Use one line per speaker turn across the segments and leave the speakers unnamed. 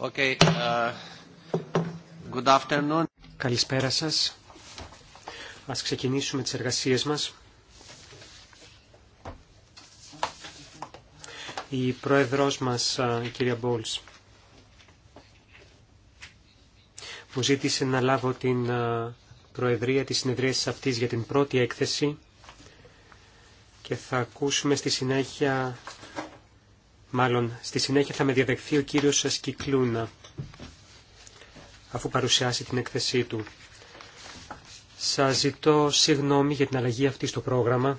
Uh, Καλησπέρα σας. Ας ξεκινήσουμε τις εργασίες μας. Η πρόεδρος μας, η κυρία Μπόλς, μου ζήτησε να λάβω την προεδρία της συνεδρίας αυτής για την πρώτη έκθεση και θα ακούσουμε στη συνέχεια Μάλλον στη συνέχεια θα με διαδεχθεί ο κύριος Κυκλούνα αφού παρουσιάσει την έκθεσή του. Σας ζητώ συγγνώμη για την αλλαγή αυτή στο πρόγραμμα.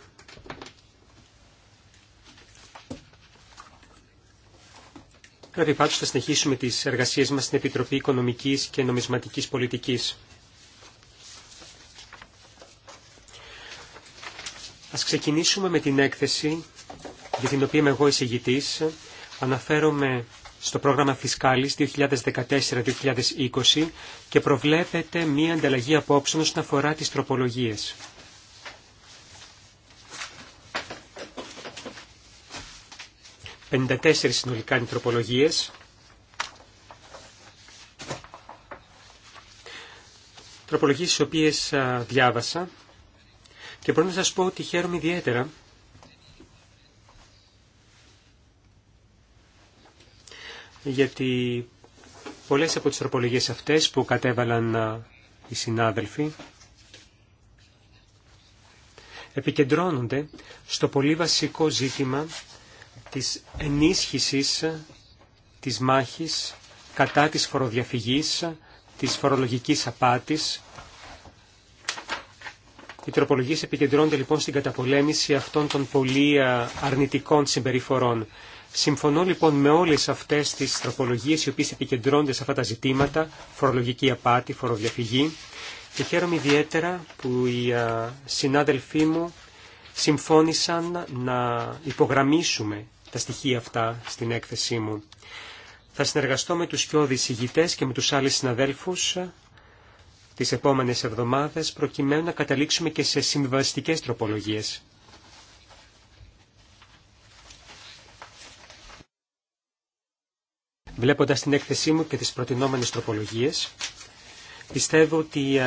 Πρέπει πάντως να συνεχίσουμε τις εργασίες μας στην Επιτροπή Οικονομικής και Νομισματικής Πολιτικής. Ας ξεκινήσουμε με την έκθεση για την οποία είμαι εγώ εισηγητής, αναφέρομαι στο πρόγραμμα Φισκάλης 2014-2020 και προβλέπεται μία ανταλλαγή απόψεων όσον αφορά τις τροπολογίες. ...54 συνολικά είναι τροπολογίες. Τροπολογίες τις οποίες διάβασα... ...και μπορώ να σας πω ότι χαίρομαι ιδιαίτερα... γιατί πολλές από τις τροπολογίες αυτές που κατέβαλαν οι συνάδελφοι επικεντρώνονται στο πολύ βασικό ζήτημα της ενίσχυσης της μάχης κατά της φοροδιαφυγής, της φορολογικής απάτης. Οι τροπολογίες επικεντρώνονται λοιπόν στην καταπολέμηση αυτών των πολύ αρνητικών συμπεριφορών. Συμφωνώ λοιπόν με όλες αυτές τις τροπολογίες οι οποίες επικεντρώνονται σε αυτά τα ζητήματα, φορολογική απάτη, φοροδιαφυγή και χαίρομαι ιδιαίτερα που οι συνάδελφοί μου συμφώνησαν να υπογραμμίσουμε τα στοιχεία αυτά στην έκθεσή μου. Θα συνεργαστώ με τους πιο δυσηγητές και με τους άλλους συναδέλφους τις επόμενες εβδομάδες προκειμένου να καταλήξουμε και σε συμβαστικές τροπολογίες. Βλέποντας την έκθεσή μου και τις προτινόμενες τροπολογίες, πιστεύω ότι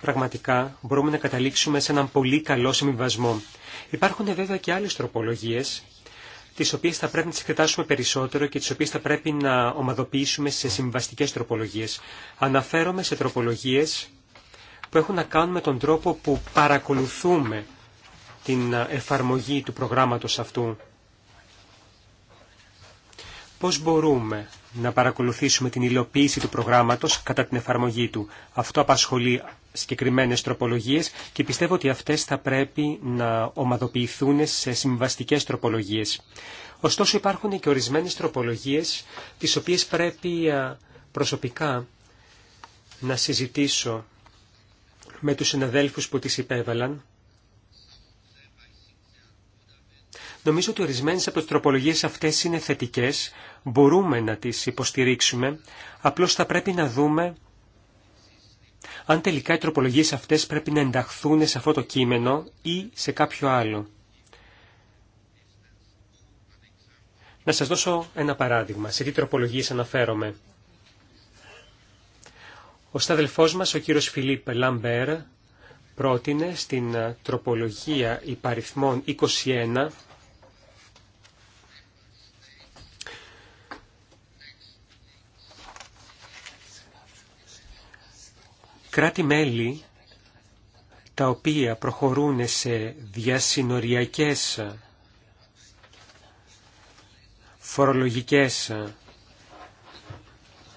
πραγματικά μπορούμε να καταλήξουμε σε έναν πολύ καλό συμβιβασμό. Υπάρχουν βέβαια και άλλες τροπολογίες, τις οποίες θα πρέπει να τις εκτετάσουμε περισσότερο και τις οποίες θα πρέπει να ομαδοποιήσουμε σε συμβαστικές τροπολογίες. Αναφέρομαι σε τροπολογίες που έχουν να κάνουν με τον τρόπο που παρακολουθούμε την εφαρμογή του προγράμματος αυτού πώς μπορούμε να παρακολουθήσουμε την υλοποίηση του προγράμματος κατά την εφαρμογή του. Αυτό απασχολεί συγκεκριμένες τροπολογίες και πιστεύω ότι αυτές θα πρέπει να ομαδοποιηθούν σε συμβαστικές τροπολογίες. Ωστόσο υπάρχουν και ορισμένες τροπολογίες τις οποίες πρέπει προσωπικά να συζητήσω με τους συναδέλφους που τις υπέβαλαν Νομίζω ότι ορισμένε από τι τροπολογίε αυτέ είναι θετικέ, μπορούμε να τι υποστηρίξουμε, απλώ θα πρέπει να δούμε αν τελικά οι τροπολογίε αυτέ πρέπει να ενταχθούν σε αυτό το κείμενο ή σε κάποιο άλλο. Να σας δώσω ένα παράδειγμα, σε τι τροπολογίες αναφέρομαι. Ο σταδελφός μας, ο κύριος Φιλίπ Λαμπέρ, πρότεινε στην τροπολογία υπαριθμών 21 Κράτη-μέλη τα οποία προχωρούν σε διασυνοριακές φορολογικές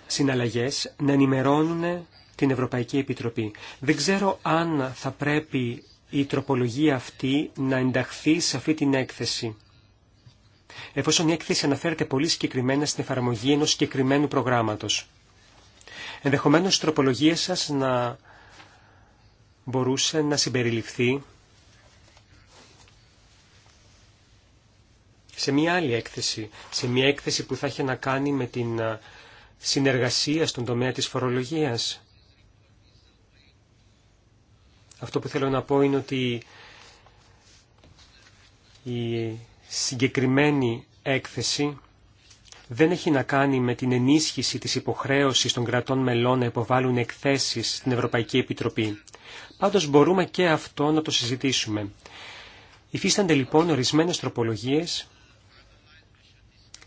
συναλλαγές να ενημερώνουν την Ευρωπαϊκή Επιτροπή. Δεν ξέρω αν θα πρέπει η τροπολογία αυτή να ενταχθεί σε αυτή την έκθεση. Εφόσον η έκθεση αναφέρεται πολύ συγκεκριμένα στην εφαρμογή ενός συγκεκριμένου προγράμματος. Ενδεχομένως η τροπολογία σας να μπορούσε να συμπεριληφθεί σε μια άλλη έκθεση, σε μια έκθεση που θα είχε να κάνει με την συνεργασία στον τομέα της φορολογίας. Αυτό που θέλω να πω είναι ότι η συγκεκριμένη έκθεση δεν έχει να κάνει με την ενίσχυση της υποχρέωσης των κρατών μελών να υποβάλουν εκθέσεις στην Ευρωπαϊκή Επιτροπή. Πάντως μπορούμε και αυτό να το συζητήσουμε. Υφίστανται λοιπόν ορισμένες τροπολογίες,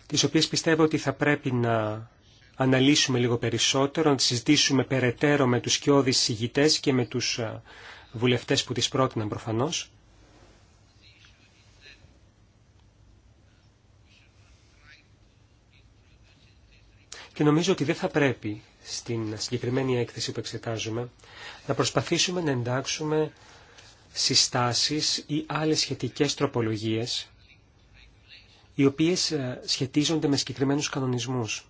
τις οποίες πιστεύω ότι θα πρέπει να αναλύσουμε λίγο περισσότερο, να συζητήσουμε περαιτέρω με τους κοιόδης συγητές και με τους βουλευτές που τις πρότειναν προφανώς. και νομίζω ότι δεν θα πρέπει στην συγκεκριμένη έκθεση που εξετάζουμε να προσπαθήσουμε να εντάξουμε συστάσεις ή άλλες σχετικές τροπολογίες οι οποίες ε, σχετίζονται με συγκεκριμένους κανονισμούς.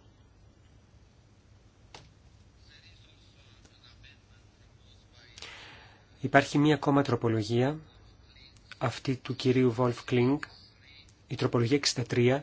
Υπάρχει μία ακόμα τροπολογία, αυτή του κυρίου Βολφ Κλίνγκ, η τροπολογία 63,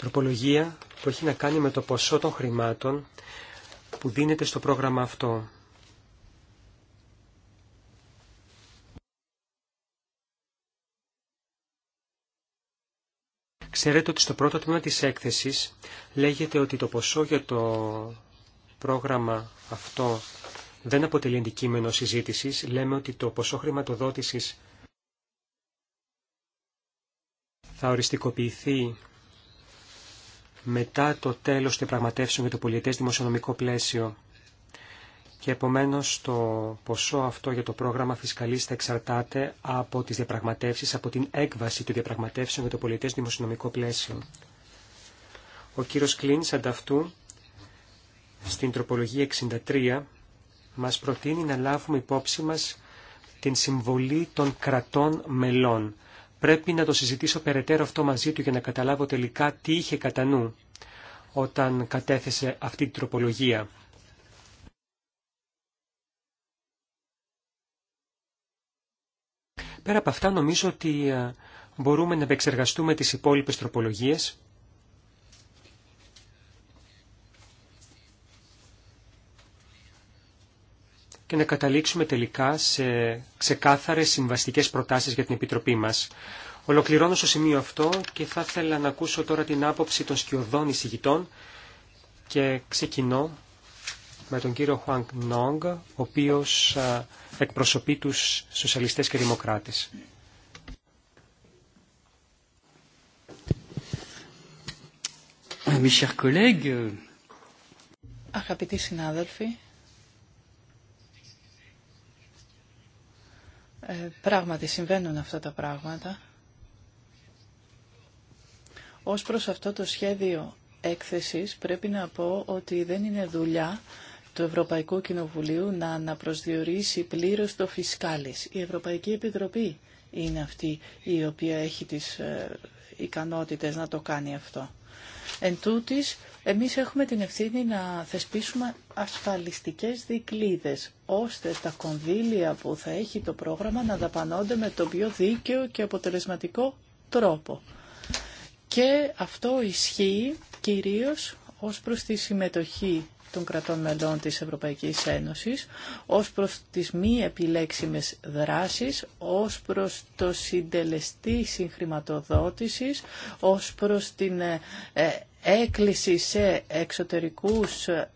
τροπολογία που έχει να κάνει με το ποσό των χρημάτων που δίνεται στο πρόγραμμα αυτό. Ξέρετε ότι στο πρώτο τμήμα της έκθεσης λέγεται ότι το ποσό για το πρόγραμμα αυτό δεν αποτελεί αντικείμενο συζήτησης. Λέμε ότι το ποσό χρηματοδότησης θα οριστικοποιηθεί μετά το τέλος των πραγματεύσεων για το πολιετές δημοσιονομικό πλαίσιο. Και επομένως το ποσό αυτό για το πρόγραμμα φυσκαλής θα εξαρτάται από τις διαπραγματεύσεις, από την έκβαση των διαπραγματεύσεων για το πολιετές δημοσιονομικό πλαίσιο. Ο κύριος Κλίνς ανταυτού στην τροπολογία 63 μας προτείνει να λάβουμε υπόψη μας την συμβολή των κρατών μελών Πρέπει να το συζητήσω περαιτέρω αυτό μαζί του για να καταλάβω τελικά τι είχε κατά νου όταν κατέθεσε αυτή την τροπολογία. Πέρα από αυτά νομίζω ότι ε, μπορούμε να επεξεργαστούμε τις υπόλοιπες τροπολογίες και να καταλήξουμε τελικά σε ξεκάθαρες συμβαστικές προτάσεις για την Επιτροπή μας. Ολοκληρώνω στο σημείο αυτό και θα ήθελα να ακούσω τώρα την άποψη των σκιωδών εισηγητών και ξεκινώ με τον κύριο Χουάνκ Νόγκ, ο οποίος εκπροσωπεί τους σοσιαλιστές και δημοκράτες.
Αγαπητοί συνάδελφοι, Ε, πράγματι συμβαίνουν αυτά τα πράγματα. Ως προς αυτό το σχέδιο έκθεσης πρέπει να πω ότι δεν είναι δουλειά του Ευρωπαϊκού Κοινοβουλίου να αναπροσδιορίσει πλήρως το φισκάλις. Η Ευρωπαϊκή Επιτροπή είναι αυτή η οποία έχει τις ε, ικανότητες να το κάνει αυτό. Εν εμείς έχουμε την ευθύνη να θεσπίσουμε ασφαλιστικές δικλίδες, ώστε τα κονδύλια που θα έχει το πρόγραμμα να δαπανώνται με τον πιο δίκαιο και αποτελεσματικό τρόπο. Και αυτό ισχύει κυρίως ως προς τη συμμετοχή των κρατών μελών της Ευρωπαϊκής Ένωσης, ως προς τις μη επιλέξιμες δράσεις, ως προς το συντελεστή συγχρηματοδότησης, ως προς την ε, ε, έκκληση σε εξωτερικούς ε,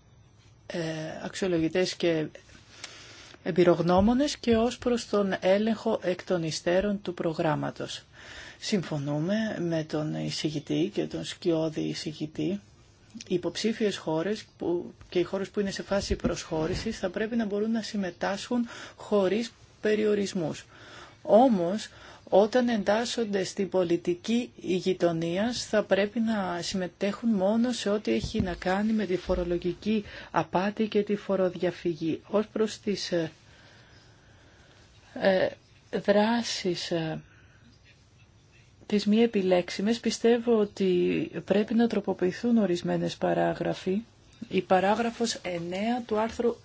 αξιολογητές και εμπειρογνώμονες και ως προς τον έλεγχο εκ των υστέρων του προγράμματος. Συμφωνούμε με τον εισηγητή και τον σκιώδη εισηγητή. Οι υποψήφιες χώρες που, και οι χώρες που είναι σε φάση προσχώρησης θα πρέπει να μπορούν να συμμετάσχουν χωρίς περιορισμούς. Όμως, όταν εντάσσονται στην πολιτική γειτονία θα πρέπει να συμμετέχουν μόνο σε ό,τι έχει να κάνει με τη φορολογική απάτη και τη φοροδιαφυγή. Ως προς τις ε, ε, δράσεις ε, τις μη επιλέξιμες πιστεύω ότι πρέπει να τροποποιηθούν ορισμένες παράγραφοι. Η παράγραφος 9 του άρθρου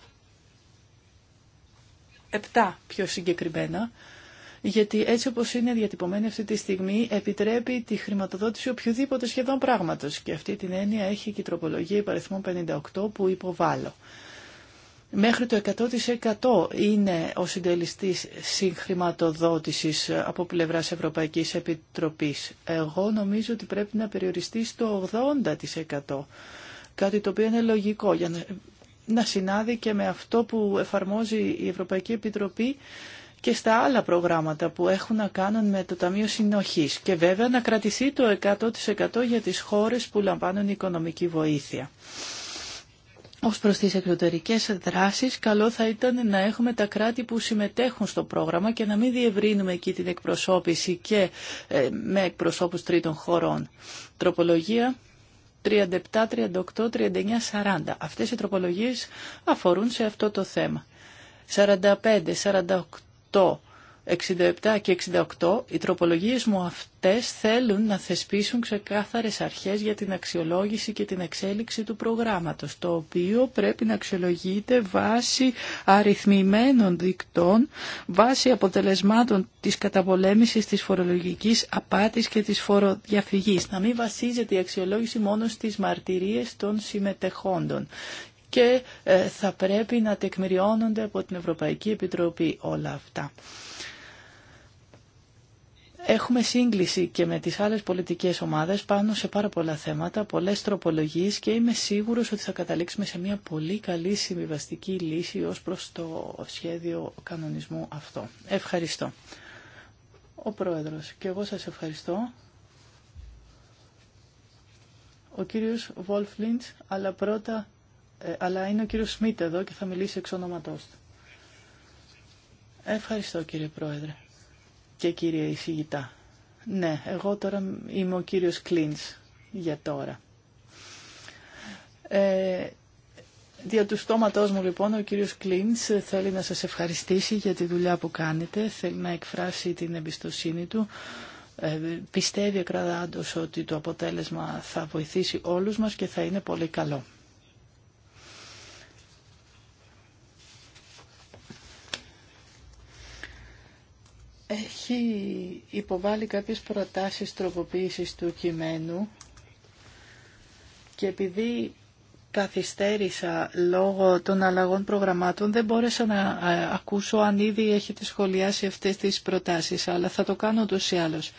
7 πιο συγκεκριμένα γιατί έτσι όπως είναι διατυπωμένη αυτή τη στιγμή επιτρέπει τη χρηματοδότηση οποιοδήποτε σχεδόν πράγματος και αυτή την έννοια έχει και η τροπολογία υπαριθμών 58 που υποβάλλω. Μέχρι το 100% είναι ο συντελιστή συγχρηματοδότησης από πλευράς Ευρωπαϊκής Επιτροπής. Εγώ νομίζω ότι πρέπει να περιοριστεί στο 80%. Κάτι το οποίο είναι λογικό για να συνάδει και με αυτό που εφαρμόζει η Ευρωπαϊκή Επιτροπή και στα άλλα προγράμματα που έχουν να κάνουν με το Ταμείο Συνοχής και βέβαια να κρατηθεί το 100% για τις χώρες που λαμβάνουν οικονομική βοήθεια. Ως προς τις εξωτερικές δράσεις, καλό θα ήταν να έχουμε τα κράτη που συμμετέχουν στο πρόγραμμα και να μην διευρύνουμε εκεί την εκπροσώπηση και ε, με εκπροσώπους τρίτων χωρών. Τροπολογία 37, 38, 39, 40. Αυτές οι τροπολογίες αφορούν σε αυτό το θέμα. 45, 48, 67 και 68, οι τροπολογίες μου αυτές θέλουν να θεσπίσουν ξεκάθαρες αρχές για την αξιολόγηση και την εξέλιξη του προγράμματος, το οποίο πρέπει να αξιολογείται βάσει αριθμημένων δικτών, βάσει αποτελεσμάτων της καταπολέμησης της φορολογικής απάτης και της φοροδιαφυγής. Να μην βασίζεται η αξιολόγηση μόνο στις μαρτυρίες των συμμετεχόντων και ε, θα πρέπει να τεκμηριώνονται από την Ευρωπαϊκή Επιτροπή όλα αυτά. Έχουμε σύγκληση και με τις άλλες πολιτικές ομάδες πάνω σε πάρα πολλά θέματα, πολλές τροπολογίες και είμαι σίγουρος ότι θα καταλήξουμε σε μια πολύ καλή συμβιβαστική λύση ως προς το σχέδιο κανονισμού αυτό. Ευχαριστώ. Ο Πρόεδρος και εγώ σας ευχαριστώ. Ο κύριος Βολφ Λίντς, αλλά πρώτα ε, αλλά είναι ο κύριος Σμίτ εδώ και θα μιλήσει εξ ονόματός του. Ευχαριστώ κύριε Πρόεδρε και κύριε εισηγητά. Ναι, εγώ τώρα είμαι ο κύριος Κλίνς για τώρα. Ε, δια του στόματός μου λοιπόν ο κύριος Κλίνς θέλει να σας ευχαριστήσει για τη δουλειά που κάνετε, θέλει να εκφράσει την εμπιστοσύνη του. Ε, πιστεύει ακραδάντως ότι το αποτέλεσμα θα βοηθήσει όλους μας και θα είναι πολύ καλό. έχει υποβάλει κάποιες προτάσεις τροποποίησης του κειμένου και επειδή καθυστέρησα λόγω των αλλαγών προγραμμάτων δεν μπόρεσα να ε, ακούσω αν ήδη έχετε σχολιάσει αυτές τις προτάσεις αλλά θα το κάνω ούτως ή άλλως.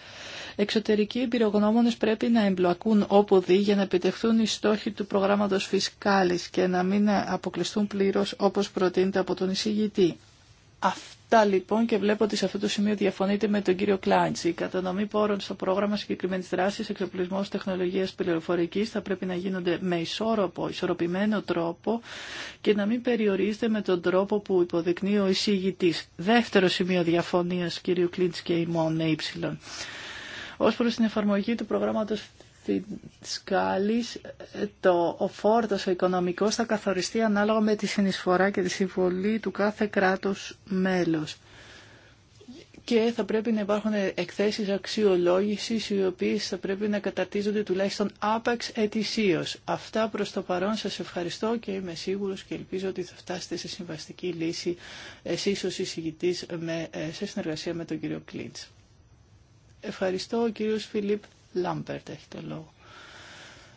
Εξωτερικοί εμπειρογνώμονες πρέπει να εμπλακούν όπου δει για να επιτευχθούν οι στόχοι του προγράμματος φυσκάλης και να μην αποκλειστούν πλήρως όπως προτείνεται από τον εισηγητή. Αυτό Αυτά λοιπόν και βλέπω ότι σε αυτό το σημείο διαφωνείτε με τον κύριο Κλάιντς. Η κατανομή πόρων στο πρόγραμμα συγκεκριμένη δράση, εξοπλισμό τεχνολογία πληροφορική θα πρέπει να γίνονται με ισόρροπο, ισορροπημένο τρόπο και να μην περιορίζεται με τον τρόπο που υποδεικνύει ο εισηγητή. Δεύτερο σημείο διαφωνία κύριο Κλίντ και ημών Ε. ε. Ω προ την εφαρμογή του προγράμματο φυσκάλης, το, ο φόρτος, ο οικονομικός θα καθοριστεί ανάλογα με τη συνεισφορά και τη συμβολή του κάθε κράτος μέλος. Και θα πρέπει να υπάρχουν εκθέσεις αξιολόγησης οι οποίες θα πρέπει να καταρτίζονται τουλάχιστον άπαξ ετησίως. Αυτά προς το παρόν σας ευχαριστώ και είμαι σίγουρος και ελπίζω ότι θα φτάσετε σε συμβαστική λύση εσείς ως εισηγητής ε, σε συνεργασία με τον κύριο Κλίντς. Ευχαριστώ ο κύριος Φιλίπ Λάμπερτ έχει το λόγο.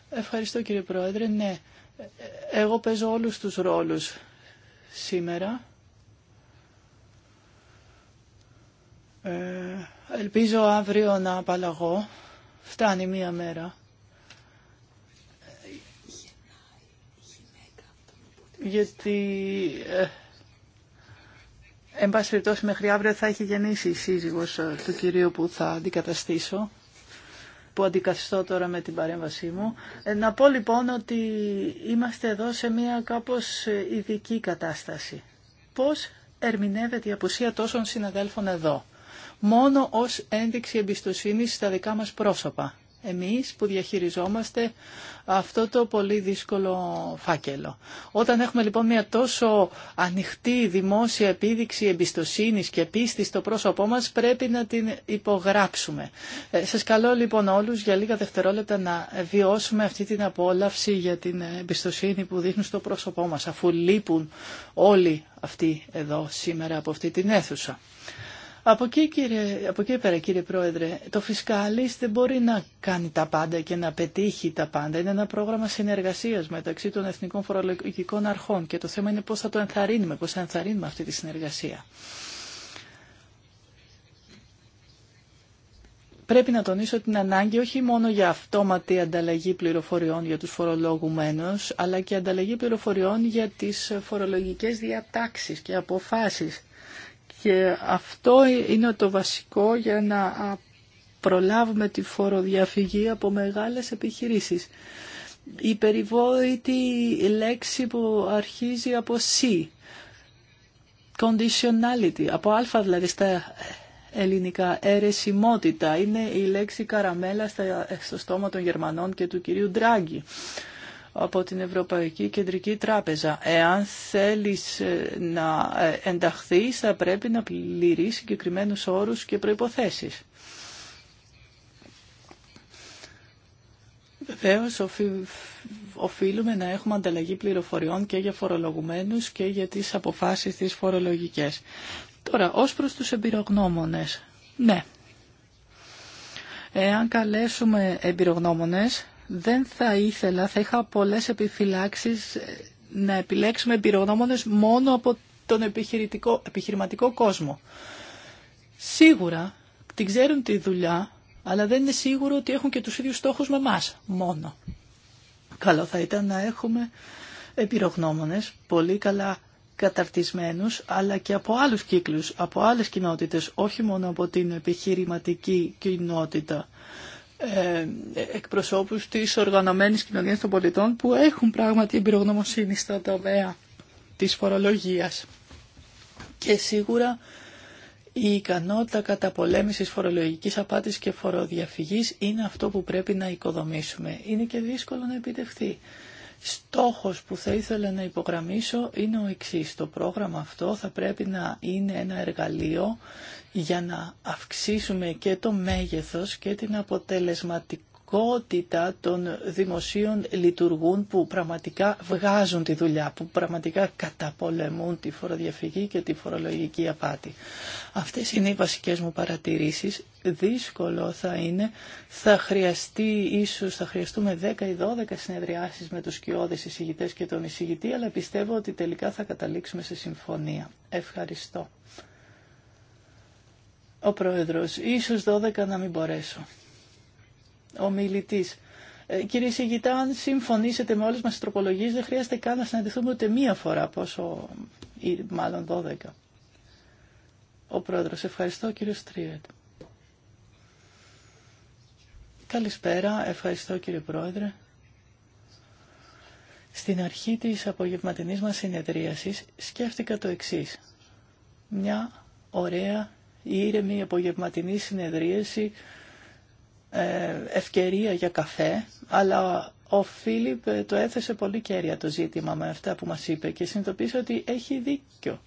Ευχαριστώ κύριε Πρόεδρε. Ναι, εγώ παίζω όλους τους ρόλους σήμερα. Ε, ελπίζω αύριο να απαλλαγώ. Φτάνει μία μέρα. Γιατί, ε, εν πάση περιπτώσει, μέχρι αύριο θα έχει γεννήσει η σύζυγος ε, του κυρίου που θα αντικαταστήσω που αντικαθιστώ τώρα με την παρέμβασή μου. Ε, να πω λοιπόν ότι είμαστε εδώ σε μια κάπως ειδική κατάσταση. Πώς ερμηνεύεται η απουσία τόσων συναδέλφων εδώ, μόνο ως ένδειξη εμπιστοσύνης στα δικά μας πρόσωπα εμείς που διαχειριζόμαστε αυτό το πολύ δύσκολο φάκελο. Όταν έχουμε λοιπόν μια τόσο ανοιχτή δημόσια επίδειξη εμπιστοσύνης και πίστη στο πρόσωπό μας πρέπει να την υπογράψουμε. Ε, σας καλώ λοιπόν όλους για λίγα δευτερόλεπτα να βιώσουμε αυτή την απόλαυση για την εμπιστοσύνη που δείχνουν στο πρόσωπό μας αφού λείπουν όλοι αυτοί εδώ σήμερα από αυτή την αίθουσα. Από εκεί, κύριε, πέρα κύριε Πρόεδρε, το φυσκάλις δεν μπορεί να κάνει τα πάντα και να πετύχει τα πάντα. Είναι ένα πρόγραμμα συνεργασίας μεταξύ των εθνικών φορολογικών αρχών και το θέμα είναι πώς θα το ενθαρρύνουμε, πώς θα ενθαρρύνουμε αυτή τη συνεργασία. Πρέπει να τονίσω την ανάγκη όχι μόνο για αυτόματη ανταλλαγή πληροφοριών για τους φορολόγουμένους, αλλά και ανταλλαγή πληροφοριών για τις φορολογικές διατάξεις και αποφάσεις και αυτό είναι το βασικό για να προλάβουμε τη φοροδιαφυγή από μεγάλες επιχειρήσεις. Η περιβόητη λέξη που αρχίζει από C, conditionality, από α δηλαδή στα ελληνικά, αιρεσιμότητα, είναι η λέξη καραμέλα στο στόμα των Γερμανών και του κυρίου Ντράγκη από την Ευρωπαϊκή Κεντρική Τράπεζα. Εάν θέλεις ε, να ε, ενταχθείς θα πρέπει να πληρεί συγκεκριμένου όρους και προϋποθέσεις. Βεβαίω οφείλουμε να έχουμε ανταλλαγή πληροφοριών και για φορολογουμένους και για τις αποφάσεις τις φορολογικές. Τώρα, ως προς τους εμπειρογνώμονες. Ναι. Εάν καλέσουμε εμπειρογνώμονες, δεν θα ήθελα, θα είχα πολλές επιφυλάξεις ε, να επιλέξουμε εμπειρογνώμονες μόνο από τον επιχειρητικό, επιχειρηματικό κόσμο. Σίγουρα την ξέρουν τη δουλειά, αλλά δεν είναι σίγουρο ότι έχουν και τους ίδιους στόχους με μας μόνο. Καλό θα ήταν να έχουμε επιρογνώμονες, πολύ καλά καταρτισμένους, αλλά και από άλλους κύκλους, από άλλες κοινότητες, όχι μόνο από την επιχειρηματική κοινότητα. Ε, εκπροσώπους της οργανωμένης κοινωνίας των πολιτών που έχουν πράγματι εμπειρογνωμοσύνη στα τομέα της φορολογίας. Και σίγουρα η ικανότητα καταπολέμησης φορολογικής απάτης και φοροδιαφυγής είναι αυτό που πρέπει να οικοδομήσουμε. Είναι και δύσκολο να επιτευχθεί. Στόχος που θα ήθελα να υπογραμμίσω είναι ο εξής. Το πρόγραμμα αυτό θα πρέπει να είναι ένα εργαλείο για να αυξήσουμε και το μέγεθος και την αποτελεσματικότητα ποιότητα των δημοσίων λειτουργούν που πραγματικά βγάζουν τη δουλειά, που πραγματικά καταπολεμούν τη φοροδιαφυγή και τη φορολογική απάτη. Αυτές είναι οι βασικές μου παρατηρήσεις. Δύσκολο θα είναι, θα χρειαστεί ίσως, θα χρειαστούμε 10 ή 12 συνεδριάσεις με τους κοιόδες εισηγητές και τον εισηγητή, αλλά πιστεύω ότι τελικά θα καταλήξουμε σε συμφωνία. Ευχαριστώ. Ο Πρόεδρος, ίσως 12 να μην μπορέσω ο ε, Κύριε Σιγητά, αν συμφωνήσετε με όλες μα τι τροπολογίες, δεν χρειάζεται καν να συναντηθούμε ούτε μία φορά, πόσο, ή μάλλον 12. Ο πρόεδρο, ευχαριστώ κύριο Στρίετ. Καλησπέρα, ευχαριστώ κύριε Πρόεδρε. Στην αρχή της απογευματινής μας συνεδρίασης σκέφτηκα το εξής. Μια ωραία ήρεμη απογευματινή συνεδρίαση ε, ευκαιρία για καφέ, αλλά ο Φίλιπ το έθεσε πολύ κέρια το ζήτημα με αυτά που μας είπε και συνειδητοποίησε ότι έχει δίκιο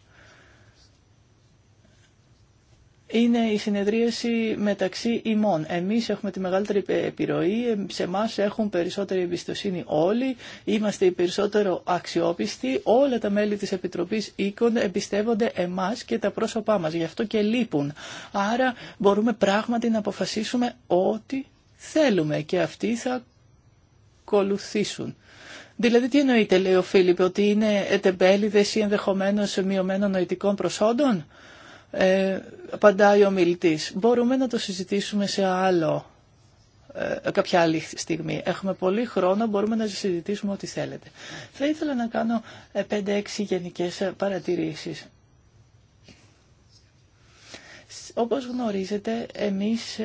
είναι η συνεδρίαση μεταξύ ημών. Εμείς έχουμε τη μεγαλύτερη επιρροή, σε εμά έχουν περισσότερη εμπιστοσύνη όλοι, είμαστε οι περισσότερο αξιόπιστοι, όλα τα μέλη της Επιτροπής Οίκων εμπιστεύονται εμάς και τα πρόσωπά μας, γι' αυτό και λείπουν. Άρα μπορούμε πράγματι να αποφασίσουμε ό,τι θέλουμε και αυτοί θα ακολουθήσουν. Δηλαδή τι εννοείται λέει ο Φίλιππ, ότι είναι ετεμπέληδες ή ενδεχομένως μειωμένων νοητικών προσόντων ε, απαντάει ο μιλητή. Μπορούμε να το συζητήσουμε σε άλλο, ε, κάποια άλλη στιγμή. Έχουμε πολύ χρόνο, μπορούμε να συζητήσουμε ό,τι θέλετε. Θα ήθελα να κάνω 5-6 ε, γενικές ε, παρατηρήσεις. Όπως γνωρίζετε, εμείς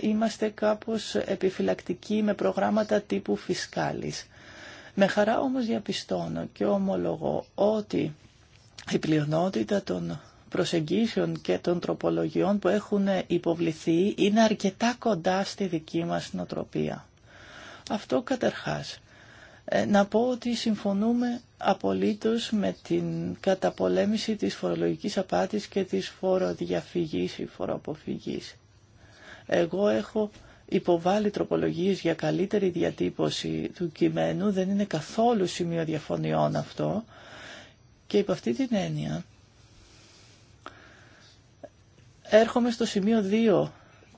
είμαστε κάπως επιφυλακτικοί με προγράμματα τύπου φισκάλης. Με χαρά όμως διαπιστώνω και ομολογώ ότι η πλειονότητα των προσεγγίσεων και των τροπολογιών που έχουν υποβληθεί είναι αρκετά κοντά στη δική μας νοτροπία. Αυτό καταρχάς. Ε, να πω ότι συμφωνούμε απολύτως με την καταπολέμηση της φορολογικής απάτης και της φοροδιαφυγής ή φοροαποφυγής. Εγώ έχω υποβάλει τροπολογίες για καλύτερη διατύπωση του κειμένου, δεν είναι καθόλου σημείο διαφωνιών αυτό και υπ' αυτή την έννοια Έρχομαι στο σημείο 2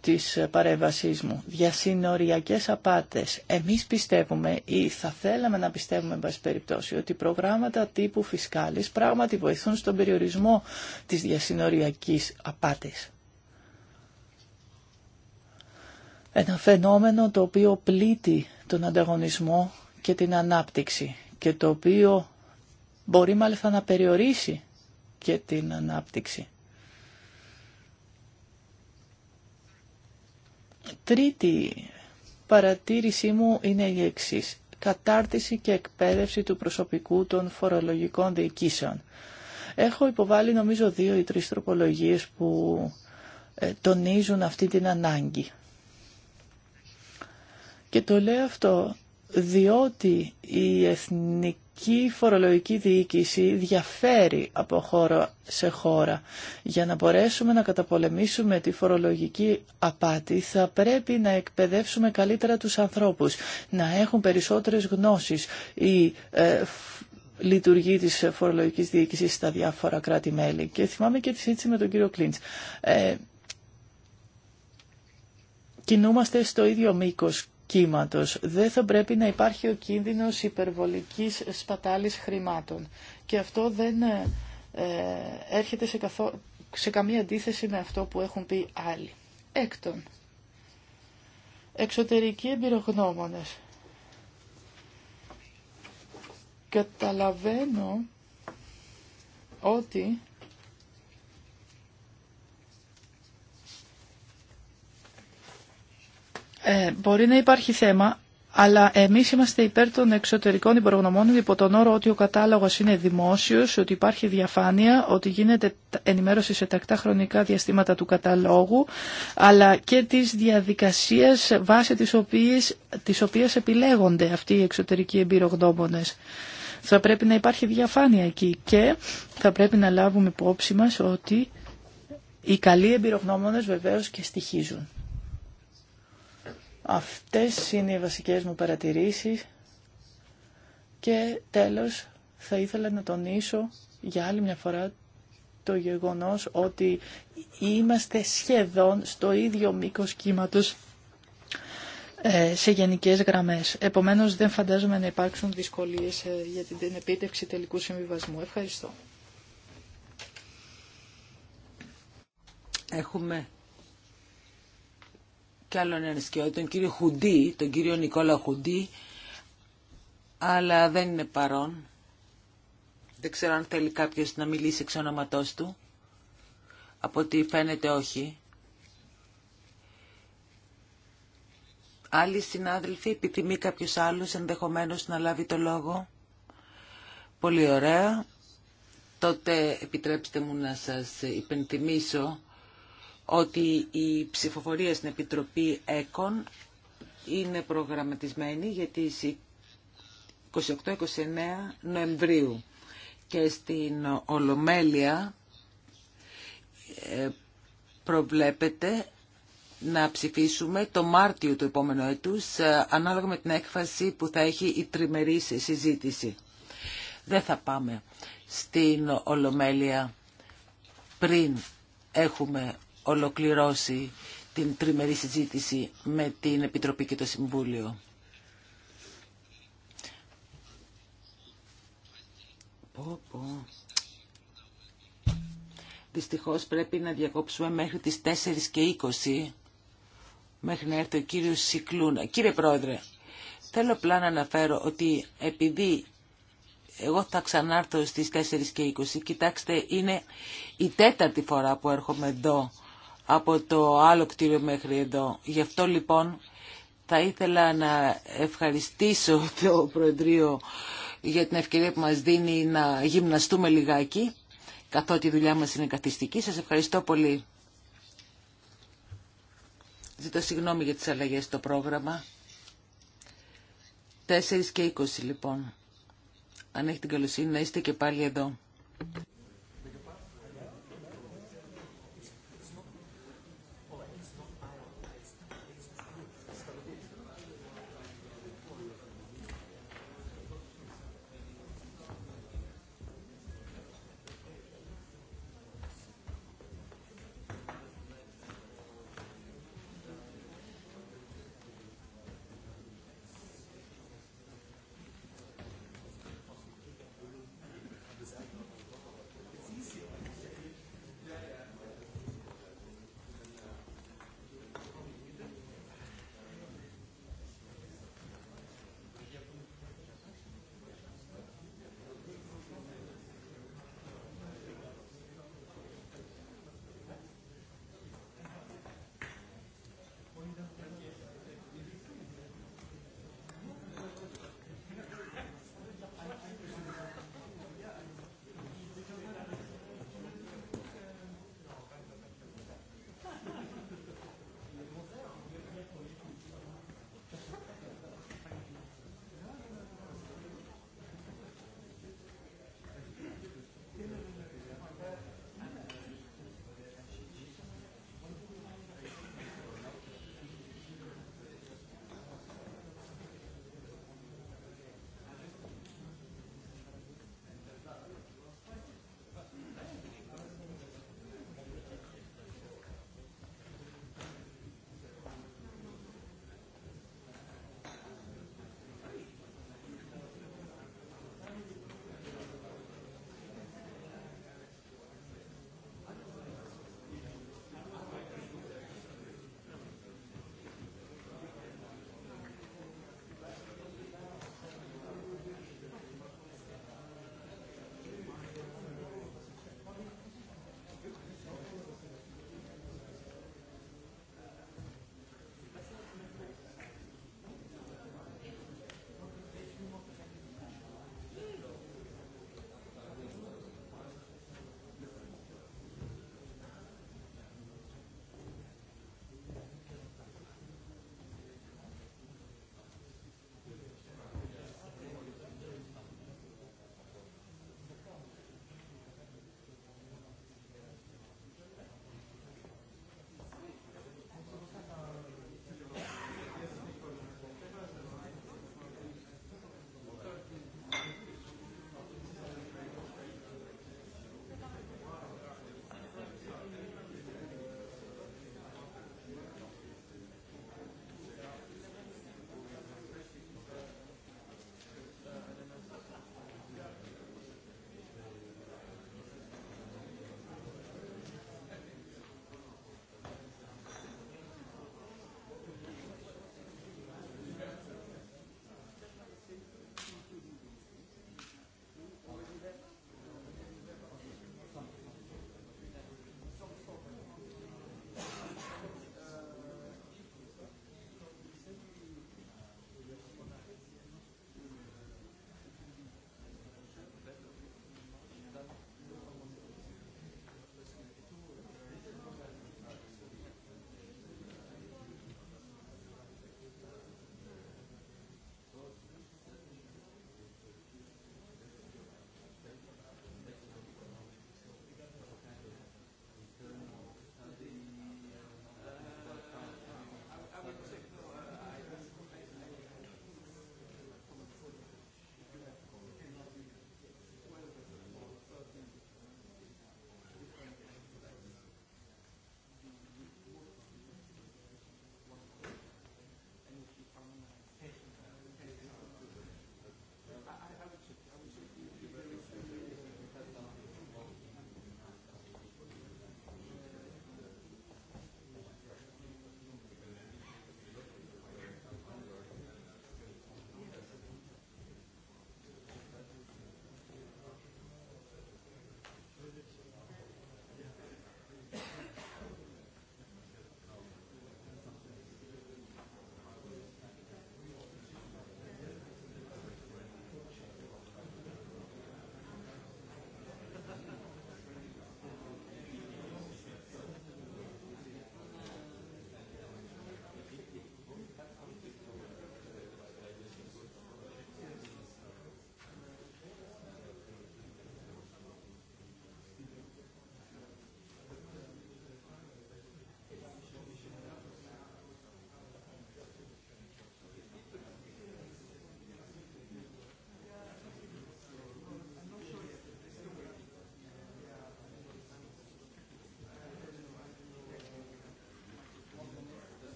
της παρέμβασής μου. Διασυνοριακές απάτες. Εμείς πιστεύουμε ή θα θέλαμε να πιστεύουμε, εν πάση περιπτώσει, ότι προγράμματα τύπου φυσκάλης πράγματι βοηθούν στον περιορισμό της διασυνοριακής απάτης. Ένα φαινόμενο το οποίο πλήττει τον ανταγωνισμό και την ανάπτυξη και το οποίο μπορεί μάλιστα να περιορίσει και την ανάπτυξη. Τρίτη παρατήρησή μου είναι η εξή: Κατάρτιση και εκπαίδευση του προσωπικού των φορολογικών διοικήσεων. Έχω υποβάλει νομίζω δύο ή τρεις τροπολογίες που ε, τονίζουν αυτή την ανάγκη. Και το λέω αυτό διότι η εθνική η φορολογική διοίκηση διαφέρει από χώρο σε χώρα. Για να μπορέσουμε να καταπολεμήσουμε τη φορολογική απάτη θα πρέπει να εκπαιδεύσουμε καλύτερα τους ανθρώπους, να έχουν περισσότερες γνώσεις η ε, λειτουργεί της φορολογικής διοίκησης στα διάφορα κράτη-μέλη. Και θυμάμαι και τη σύντηση με τον κύριο Κλίντς. Ε, κινούμαστε στο ίδιο μήκος κύματος. Δεν θα πρέπει να υπάρχει ο κίνδυνος υπερβολικής σπατάλης χρημάτων. Και αυτό δεν ε, ε, έρχεται σε, καθο... σε καμία αντίθεση με αυτό που έχουν πει άλλοι. Έκτον, εξωτερικοί εμπειρογνώμονες. Καταλαβαίνω ότι Ε, μπορεί να υπάρχει θέμα, αλλά εμείς είμαστε υπέρ των εξωτερικών υπορογνωμών υπό τον όρο ότι ο κατάλογος είναι δημόσιος, ότι υπάρχει διαφάνεια, ότι γίνεται ενημέρωση σε τακτά χρονικά διαστήματα του καταλόγου, αλλά και της διαδικασίας βάσει της οποίας, της οποίας επιλέγονται αυτοί οι εξωτερικοί εμπειρογνώμονες. Θα πρέπει να υπάρχει διαφάνεια εκεί και θα πρέπει να λάβουμε υπόψη μας ότι οι καλοί εμπειρογνώμονες βεβαίως και στοιχίζουν. Αυτές είναι οι βασικές μου παρατηρήσεις και τέλος θα ήθελα να τονίσω για άλλη μια φορά το γεγονός ότι είμαστε σχεδόν στο ίδιο μήκος κύματος ε, σε γενικές γραμμές. Επομένως δεν φαντάζομαι να υπάρξουν δυσκολίες ε, για την επίτευξη τελικού συμβιβασμού. Ευχαριστώ.
Έχουμε και άλλων ένα τον κύριο Χουντή, τον κύριο Νικόλα Χουντή, αλλά δεν είναι παρόν. Δεν ξέρω αν θέλει κάποιος να μιλήσει εξ ονοματός του. Από ό,τι φαίνεται όχι. Άλλοι συνάδελφοι, επιθυμεί κάποιος άλλος ενδεχομένως να λάβει το λόγο. Πολύ ωραία. Τότε επιτρέψτε μου να σας υπενθυμίσω ότι η ψηφοφορία στην Επιτροπή ΕΚΟΝ είναι προγραμματισμένη για τις 28-29 Νοεμβρίου και στην Ολομέλεια ε, προβλέπεται να ψηφίσουμε το Μάρτιο του επόμενου έτους ε, ανάλογα με την έκφαση που θα έχει η τριμερή συζήτηση. Δεν θα πάμε στην Ολομέλεια πριν έχουμε ολοκληρώσει την τριμερή συζήτηση με την Επιτροπή και το Συμβούλιο. Πω, πω. Δυστυχώς πρέπει να διακόψουμε μέχρι τις 4 και 20 μέχρι να έρθει ο κύριος Σικλούνα. Κύριε Πρόεδρε, θέλω απλά να αναφέρω ότι επειδή εγώ θα ξανάρθω στις 4 και 20, κοιτάξτε, είναι η τέταρτη φορά που έρχομαι εδώ από το άλλο κτίριο μέχρι εδώ. Γι' αυτό λοιπόν θα ήθελα να ευχαριστήσω το Προεδρείο για την ευκαιρία που μας δίνει να γυμναστούμε λιγάκι, καθότι η δουλειά μας είναι καθιστική. Σας ευχαριστώ πολύ. Ζητώ συγγνώμη για τις αλλαγές στο πρόγραμμα. 4 και 20 λοιπόν. Αν έχει την καλοσύνη να είστε και πάλι εδώ.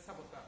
Έτσι θα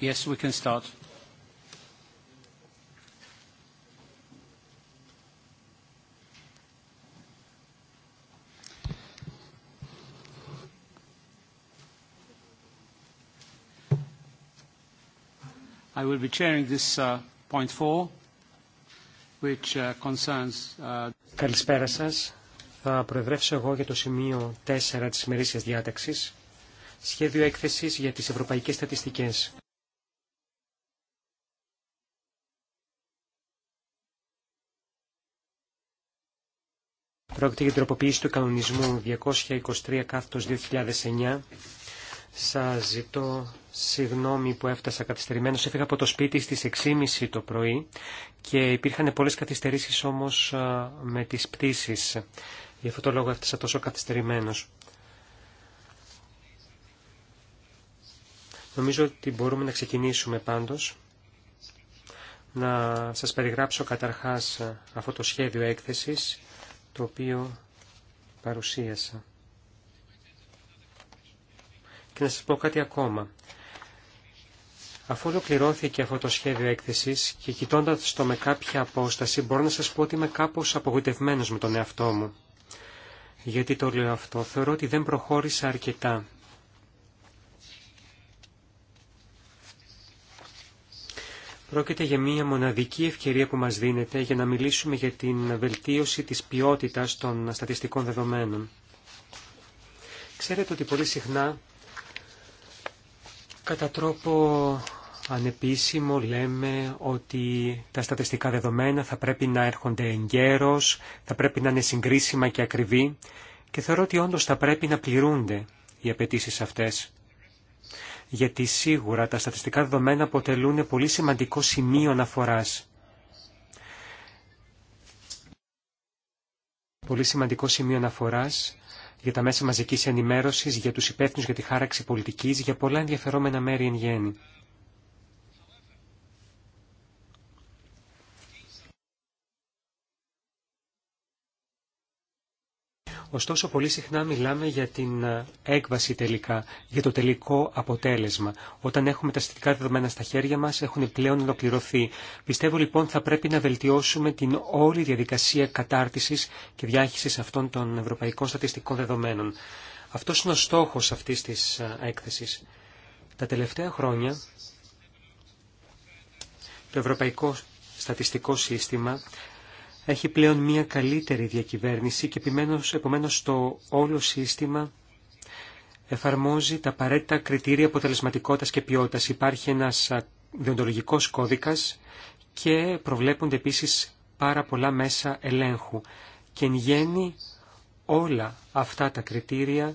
Yes, we can start. I will be chairing this uh, point four, which uh, concerns. Uh, Καλησπέρα σας. Θα προεδρεύσω εγώ για το σημείο 4 της ημερήσιας διάταξης, σχέδιο έκθεσης για τις ευρωπαϊκές στατιστικές. Πρόκειται για την τροποποίηση του κανονισμού 223 κάθετος 2009. Σας ζητώ συγγνώμη που έφτασα καθυστερημένος. Έφυγα από το σπίτι στις 6.30 το πρωί και υπήρχαν πολλές καθυστερήσεις όμως με τις πτήσεις. Γι' αυτό το λόγο έφτασα τόσο καθυστερημένος. Νομίζω ότι μπορούμε να ξεκινήσουμε πάντως. Να σας περιγράψω καταρχάς αυτό το σχέδιο έκθεσης το οποίο παρουσίασα. Και να σας πω κάτι ακόμα. Αφού ολοκληρώθηκε αυτό το σχέδιο έκθεσης και κοιτώντα το με κάποια απόσταση, μπορώ να σας πω ότι είμαι κάπως απογοητευμένος με τον εαυτό μου. Γιατί το λέω αυτό, θεωρώ ότι δεν προχώρησα αρκετά. Πρόκειται για μια μοναδική ευκαιρία που μας δίνεται για να μιλήσουμε για την βελτίωση της ποιότητας των στατιστικών δεδομένων. Ξέρετε ότι πολύ συχνά κατά τρόπο ανεπίσημο λέμε ότι τα στατιστικά δεδομένα θα πρέπει να έρχονται εγκαίρως, θα πρέπει να είναι συγκρίσιμα και ακριβή και θεωρώ ότι όντως θα πρέπει να πληρούνται οι απαιτήσει αυτές γιατί σίγουρα τα στατιστικά δεδομένα αποτελούν πολύ σημαντικό σημείο αναφοράς. Πολύ σημαντικό σημείο αναφοράς για τα μέσα μαζικής ενημέρωσης, για τους υπεύθυνους για τη χάραξη πολιτικής, για πολλά ενδιαφερόμενα μέρη εν γέννη. Ωστόσο, πολύ συχνά μιλάμε για την ε, έκβαση τελικά, για το τελικό αποτέλεσμα. Όταν έχουμε τα στατικά δεδομένα στα χέρια μας, έχουν πλέον ολοκληρωθεί. Πιστεύω λοιπόν θα πρέπει να βελτιώσουμε την όλη διαδικασία κατάρτισης και διάχυσης αυτών των ευρωπαϊκών στατιστικών δεδομένων. Αυτός είναι ο στόχος αυτής της ε, έκθεσης. Τα τελευταία χρόνια το Ευρωπαϊκό Στατιστικό Σύστημα έχει πλέον μια καλύτερη διακυβέρνηση και επομένως το όλο σύστημα εφαρμόζει τα απαραίτητα κριτήρια αποτελεσματικότητας και ποιότητας. Υπάρχει ένας διοντολογικός κώδικας και προβλέπονται επίσης πάρα πολλά μέσα ελέγχου. Και εν γέννη όλα αυτά τα κριτήρια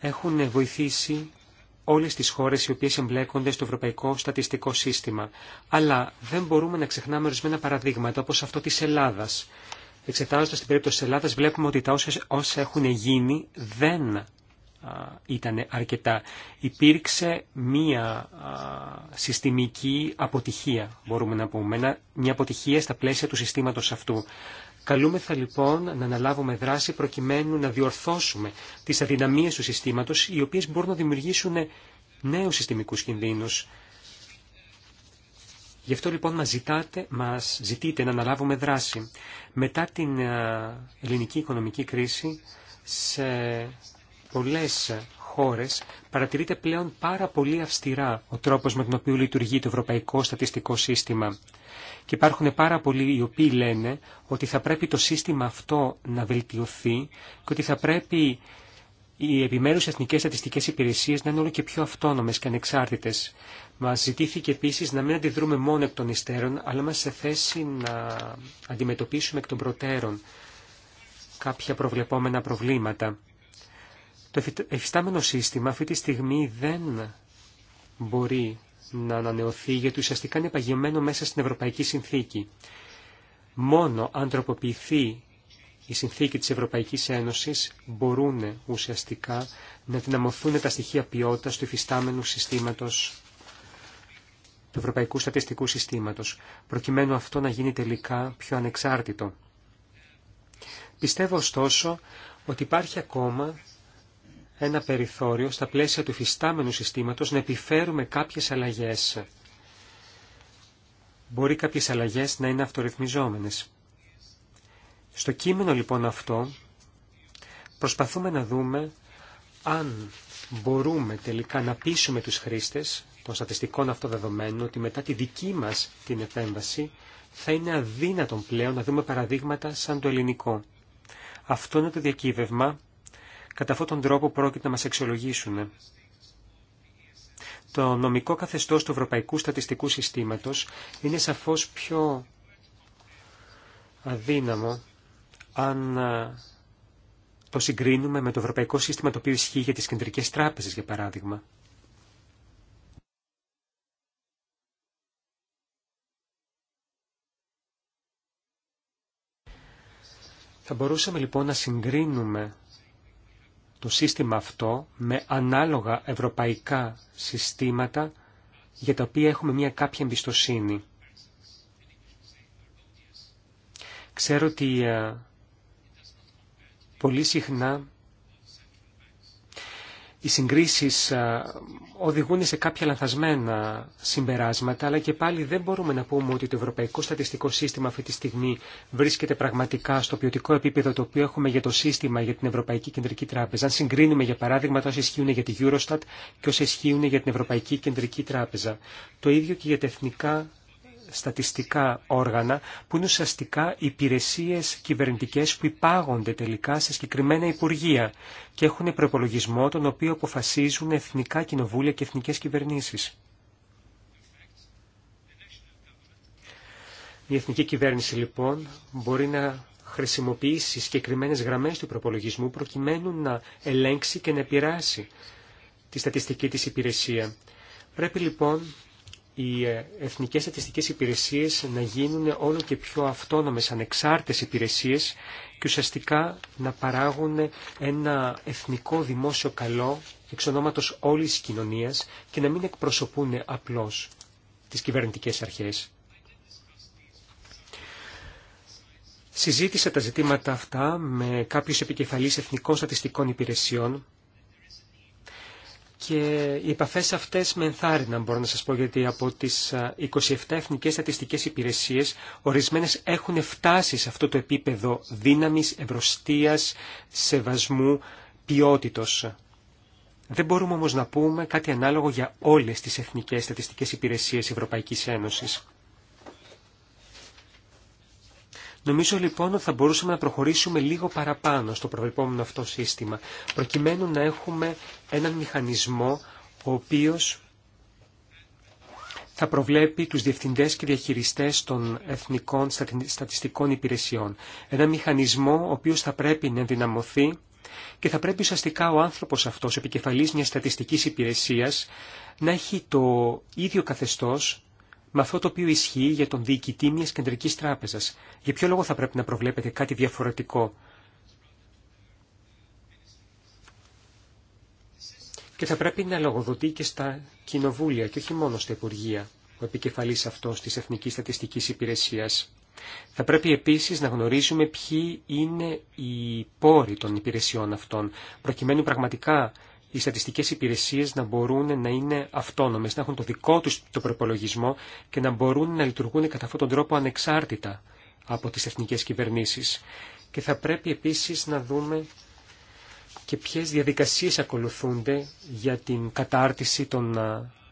έχουν βοηθήσει όλες τις χώρες οι οποίες εμπλέκονται στο ευρωπαϊκό στατιστικό σύστημα. Αλλά δεν μπορούμε να ξεχνάμε ορισμένα παραδείγματα όπως αυτό της Ελλάδας. Εξετάζοντας την περίπτωση της Ελλάδας βλέπουμε ότι τα όσα έχουν γίνει δεν ήταν αρκετά. Υπήρξε μία συστημική αποτυχία, μπορούμε να πούμε, μια αποτυχία στα πλαίσια του συστήματος αυτού. Καλούμεθα λοιπόν να αναλάβουμε δράση προκειμένου να διορθώσουμε τις αδυναμίες του συστήματος, οι οποίες μπορούν να δημιουργήσουν νέους συστημικούς κινδύνους. Γι' αυτό λοιπόν μας, ζητάτε, μας ζητείτε να αναλάβουμε δράση. Μετά την ε, ελληνική οικονομική κρίση, σε πολλές χώρες παρατηρείται πλέον πάρα πολύ αυστηρά ο τρόπος με τον οποίο λειτουργεί το Ευρωπαϊκό Στατιστικό Σύστημα. Και υπάρχουν πάρα πολλοί οι οποίοι λένε ότι θα πρέπει το σύστημα αυτό να βελτιωθεί και ότι θα πρέπει οι επιμέρους εθνικές στατιστικές υπηρεσίες να είναι όλο και πιο αυτόνομες και ανεξάρτητες. Μας ζητήθηκε επίσης να μην αντιδρούμε μόνο εκ των υστέρων, αλλά μας σε θέση να αντιμετωπίσουμε εκ των προτέρων κάποια προβλεπόμενα προβλήματα. Το εφιστάμενο σύστημα αυτή τη στιγμή δεν μπορεί να ανανεωθεί γιατί ουσιαστικά είναι παγιωμένο μέσα στην Ευρωπαϊκή Συνθήκη. Μόνο αν τροποποιηθεί η συνθήκη της Ευρωπαϊκής Ένωσης μπορούν ουσιαστικά να δυναμωθούν τα στοιχεία ποιότητας του υφιστάμενου συστήματος του Ευρωπαϊκού Στατιστικού Συστήματος, προκειμένου αυτό να γίνει τελικά πιο ανεξάρτητο. Πιστεύω ωστόσο ότι υπάρχει ακόμα ένα περιθώριο στα πλαίσια του φυστάμενου συστήματος να επιφέρουμε κάποιες αλλαγές. Μπορεί κάποιες αλλαγές να είναι αυτορυθμιζόμενες. Στο κείμενο λοιπόν αυτό προσπαθούμε να δούμε αν μπορούμε τελικά να πείσουμε τους χρήστες των στατιστικών αυτοδεδομένων... ότι μετά τη δική μας την επέμβαση θα είναι αδύνατον πλέον να δούμε παραδείγματα σαν το ελληνικό. Αυτό είναι το διακύβευμα Κατά αυτόν τον τρόπο πρόκειται να μας αξιολογήσουν. Το νομικό καθεστώς του Ευρωπαϊκού Στατιστικού Συστήματος είναι σαφώς πιο αδύναμο αν το συγκρίνουμε με το ευρωπαϊκό σύστημα το οποίο ισχύει για τις κεντρικές τράπεζες, για παράδειγμα. Θα μπορούσαμε λοιπόν να συγκρίνουμε το σύστημα αυτό με ανάλογα ευρωπαϊκά συστήματα για τα οποία έχουμε μια κάποια εμπιστοσύνη. Ξέρω ότι ε, πολύ συχνά οι συγκρίσεις οδηγούν σε κάποια λανθασμένα συμπεράσματα, αλλά και πάλι δεν μπορούμε να πούμε ότι το Ευρωπαϊκό Στατιστικό Σύστημα αυτή τη στιγμή βρίσκεται πραγματικά στο ποιοτικό επίπεδο το οποίο έχουμε για το σύστημα για την Ευρωπαϊκή Κεντρική Τράπεζα. Αν συγκρίνουμε, για παράδειγμα, τα όσα ισχύουν για τη Eurostat και όσα ισχύουν για την Ευρωπαϊκή Κεντρική Τράπεζα. Το ίδιο και για τα εθνικά στατιστικά όργανα που είναι ουσιαστικά υπηρεσίες κυβερνητικές που υπάγονται τελικά σε συγκεκριμένα υπουργεία και έχουν προπολογισμό τον οποίο αποφασίζουν εθνικά κοινοβούλια και εθνικές κυβερνήσεις. Η εθνική κυβέρνηση λοιπόν μπορεί να χρησιμοποιήσει συγκεκριμένε γραμμές του προπολογισμού προκειμένου να ελέγξει και να επηρεάσει τη στατιστική της υπηρεσία. Πρέπει λοιπόν οι ε, εθνικές στατιστικές υπηρεσίες να γίνουν όλο και πιο αυτόνομες, ανεξάρτητες υπηρεσίες και ουσιαστικά να παράγουν ένα εθνικό δημόσιο καλό εξ ονόματος όλης της κοινωνίας και να μην εκπροσωπούν απλώς τις κυβερνητικές αρχές. Συζήτησα τα ζητήματα αυτά με κάποιους επικεφαλείς εθνικών στατιστικών υπηρεσιών και οι επαφές αυτές με ενθάρρυναν μπορώ να σας πω γιατί από τις 27 εθνικές στατιστικές υπηρεσίες ορισμένες έχουν φτάσει σε αυτό το επίπεδο δύναμης, ευρωστίας, σεβασμού, ποιότητος. Δεν μπορούμε όμως να πούμε κάτι ανάλογο για όλες τις εθνικές στατιστικές υπηρεσίες Ευρωπαϊκής Ένωσης. Νομίζω λοιπόν ότι θα μπορούσαμε να προχωρήσουμε λίγο παραπάνω στο προβλεπόμενο αυτό σύστημα, προκειμένου να έχουμε έναν μηχανισμό ο οποίος θα προβλέπει τους διευθυντές και διαχειριστές των εθνικών στατιστικών υπηρεσιών. Ένα μηχανισμό ο οποίος θα πρέπει να ενδυναμωθεί και θα πρέπει ουσιαστικά ο άνθρωπος αυτός, επικεφαλής μιας στατιστικής υπηρεσίας, να έχει το ίδιο καθεστώς με αυτό το οποίο ισχύει για τον διοικητή μια κεντρική τράπεζας. Για ποιο λόγο θα πρέπει να προβλέπετε κάτι διαφορετικό. Και θα πρέπει να λογοδοτεί και στα κοινοβούλια και όχι μόνο στα Υπουργεία, ο επικεφαλής αυτός της Εθνικής Στατιστικής Υπηρεσίας. Θα πρέπει επίσης να γνωρίζουμε ποιοι είναι οι πόροι των υπηρεσιών αυτών, προκειμένου πραγματικά οι στατιστικές υπηρεσίες να μπορούν να είναι αυτόνομες, να έχουν το δικό τους το προπολογισμό και να μπορούν να λειτουργούν κατά αυτόν τον τρόπο ανεξάρτητα από τις εθνικές κυβερνήσεις. Και θα πρέπει επίσης να δούμε και ποιες διαδικασίες ακολουθούνται για την κατάρτιση των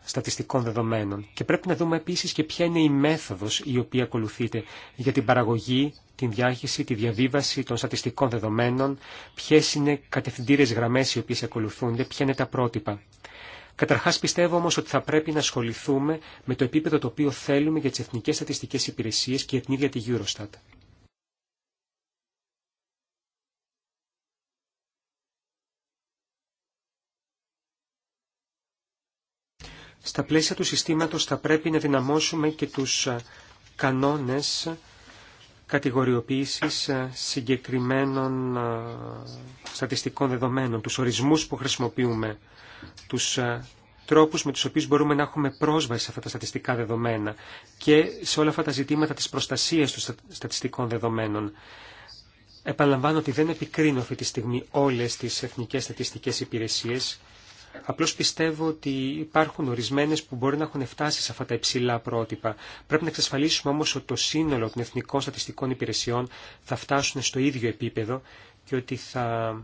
στατιστικών δεδομένων. Και πρέπει να δούμε επίσης και ποια είναι η μέθοδος η οποία ακολουθείται για την παραγωγή, την διάχυση, τη διαβίβαση των στατιστικών δεδομένων, ποιε είναι κατευθυντήρες γραμμές οι οποίες ακολουθούνται, ποια είναι τα πρότυπα. Καταρχάς πιστεύω όμως ότι θα πρέπει να ασχοληθούμε με το επίπεδο το οποίο θέλουμε για τις εθνικές στατιστικές υπηρεσίες και την ίδια τη Eurostat. Στα πλαίσια του συστήματος θα πρέπει να δυναμώσουμε και τους ε, κανόνες κατηγοριοποίησης ε, συγκεκριμένων ε, στατιστικών δεδομένων, τους ορισμούς που χρησιμοποιούμε, τους τρόπους με τους οποίους μπορούμε να έχουμε πρόσβαση σε αυτά τα στατιστικά δεδομένα και σε όλα αυτά τα ζητήματα της προστασίας των στατιστικών δεδομένων. Επαναλαμβάνω ότι δεν επικρίνω αυτή τη στιγμή όλες τις εθνικές στατιστικές υπηρεσίες Απλώς πιστεύω ότι υπάρχουν ορισμένες που μπορεί να έχουν φτάσει σε αυτά τα υψηλά πρότυπα. Πρέπει να εξασφαλίσουμε όμως ότι το σύνολο των εθνικών στατιστικών υπηρεσιών θα φτάσουν στο ίδιο επίπεδο και ότι θα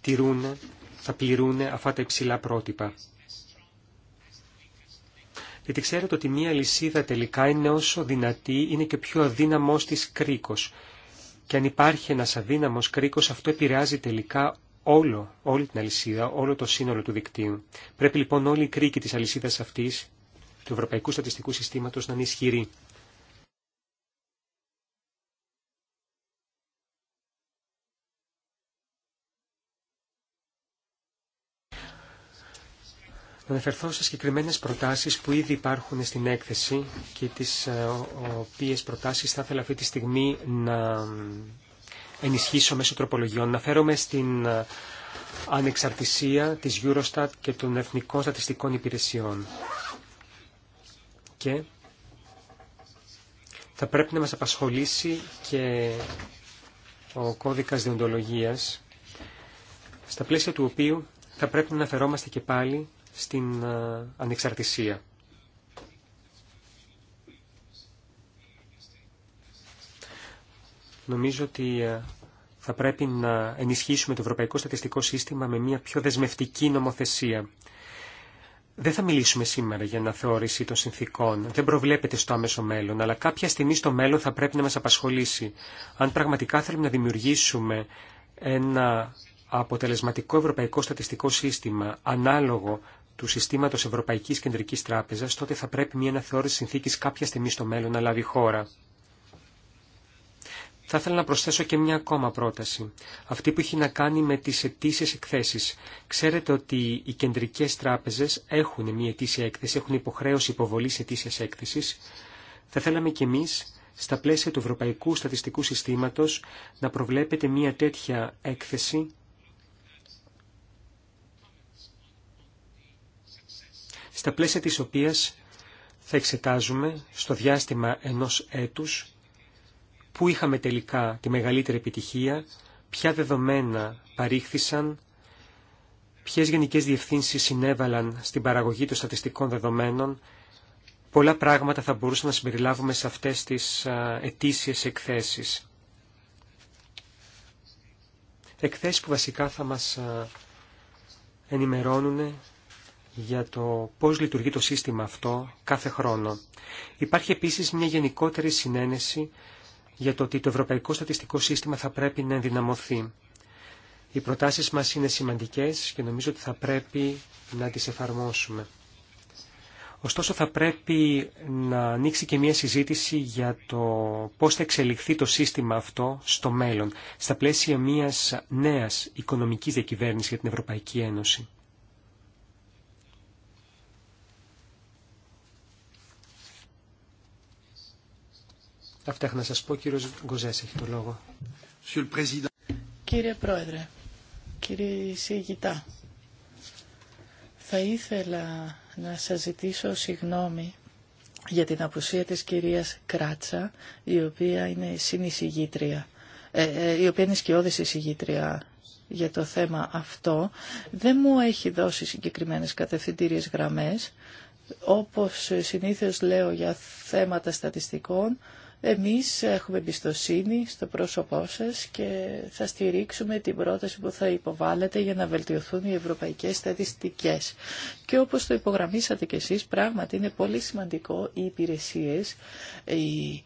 τηρούν, θα πληρούν αυτά τα υψηλά πρότυπα. Γιατί ξέρετε ότι μία λυσίδα τελικά είναι όσο δυνατή, είναι και πιο αδύναμος της κρίκος. Και αν υπάρχει ένας αδύναμος κρίκος, αυτό επηρεάζει τελικά όλο, όλη την αλυσίδα, όλο το σύνολο του δικτύου. Πρέπει λοιπόν όλη η κρίκη της αλυσίδας αυτής του Ευρωπαϊκού Στατιστικού Συστήματος να είναι ισχυρή. Να αναφερθώ σε συγκεκριμένε προτάσεις που ήδη υπάρχουν στην έκθεση και τις ε, οποίες προτάσεις θα ήθελα αυτή τη στιγμή να ενισχύσω μέσω τροπολογιών. Αναφέρομαι στην ε, ανεξαρτησία της Eurostat και των Εθνικών Στατιστικών Υπηρεσιών. Και θα πρέπει να μας απασχολήσει και ο κώδικας διοντολογίας, στα πλαίσια του οποίου θα πρέπει να αναφερόμαστε και πάλι στην ε, ανεξαρτησία. Νομίζω ότι ε, θα πρέπει να ενισχύσουμε το Ευρωπαϊκό Στατιστικό Σύστημα με μια πιο δεσμευτική νομοθεσία. Δεν θα μιλήσουμε σήμερα για αναθεώρηση των συνθήκων. Δεν προβλέπεται στο άμεσο μέλλον, αλλά κάποια στιγμή στο μέλλον θα πρέπει να μας απασχολήσει. Αν πραγματικά θέλουμε να δημιουργήσουμε ένα αποτελεσματικό ευρωπαϊκό στατιστικό σύστημα ανάλογο του συστήματος Ευρωπαϊκής Κεντρικής Τράπεζας, τότε θα πρέπει μια αναθεώρηση συνθήκης κάποια στιγμή στο μέλλον να λάβει χώρα. Θα ήθελα να προσθέσω και μια ακόμα πρόταση, αυτή που έχει να κάνει με τις ετήσιες εκθέσεις. Ξέρετε ότι οι κεντρικές τράπεζες έχουν μια αιτήσια έκθεση, έχουν υποχρέωση υποβολής ετήσιας έκθεσης. Θα θέλαμε κι εμείς, στα πλαίσια του Ευρωπαϊκού Στατιστικού Συστήματος, να προβλέπετε μια τέτοια έκθεση στα πλαίσια της οποίας θα εξετάζουμε στο διάστημα ενός έτους πού είχαμε τελικά τη μεγαλύτερη επιτυχία, ποια δεδομένα παρήχθησαν, ποιες γενικές διευθύνσεις συνέβαλαν στην παραγωγή των στατιστικών δεδομένων, πολλά πράγματα θα μπορούσαμε να συμπεριλάβουμε σε αυτές τις ετήσιες εκθέσεις. Εκθέσεις που βασικά θα μας ενημερώνουν για το πώς λειτουργεί το σύστημα αυτό κάθε χρόνο. Υπάρχει επίσης μια γενικότερη συνένεση για το ότι το Ευρωπαϊκό Στατιστικό Σύστημα θα πρέπει να ενδυναμωθεί. Οι προτάσεις μας είναι σημαντικές και νομίζω ότι θα πρέπει να τις εφαρμόσουμε. Ωστόσο θα πρέπει να ανοίξει και μια συζήτηση για το πώς θα εξελιχθεί το σύστημα αυτό στο μέλλον, στα πλαίσια μιας νέας οικονομικής διακυβέρνησης για την Ευρωπαϊκή Ένωση. Αυτά έχω να σας πω. Κύριος Γκοζές έχει το λόγο.
Κύριε Πρόεδρε, κύριε Σιγητά, θα ήθελα να σας ζητήσω συγγνώμη για την απουσία της κυρίας Κράτσα, η οποία είναι συνεισηγήτρια, ε, ε η οποία είναι σκιώδης για το θέμα αυτό. Δεν μου έχει δώσει συγκεκριμένες κατευθυντήριες γραμμές. Όπως συνήθως λέω για θέματα στατιστικών, εμείς έχουμε εμπιστοσύνη στο πρόσωπό σας και θα στηρίξουμε την πρόταση που θα υποβάλλετε για να βελτιωθούν οι ευρωπαϊκές στατιστικές. Και όπως το υπογραμμίσατε κι εσείς, πράγματι είναι πολύ σημαντικό οι υπηρεσίες, οι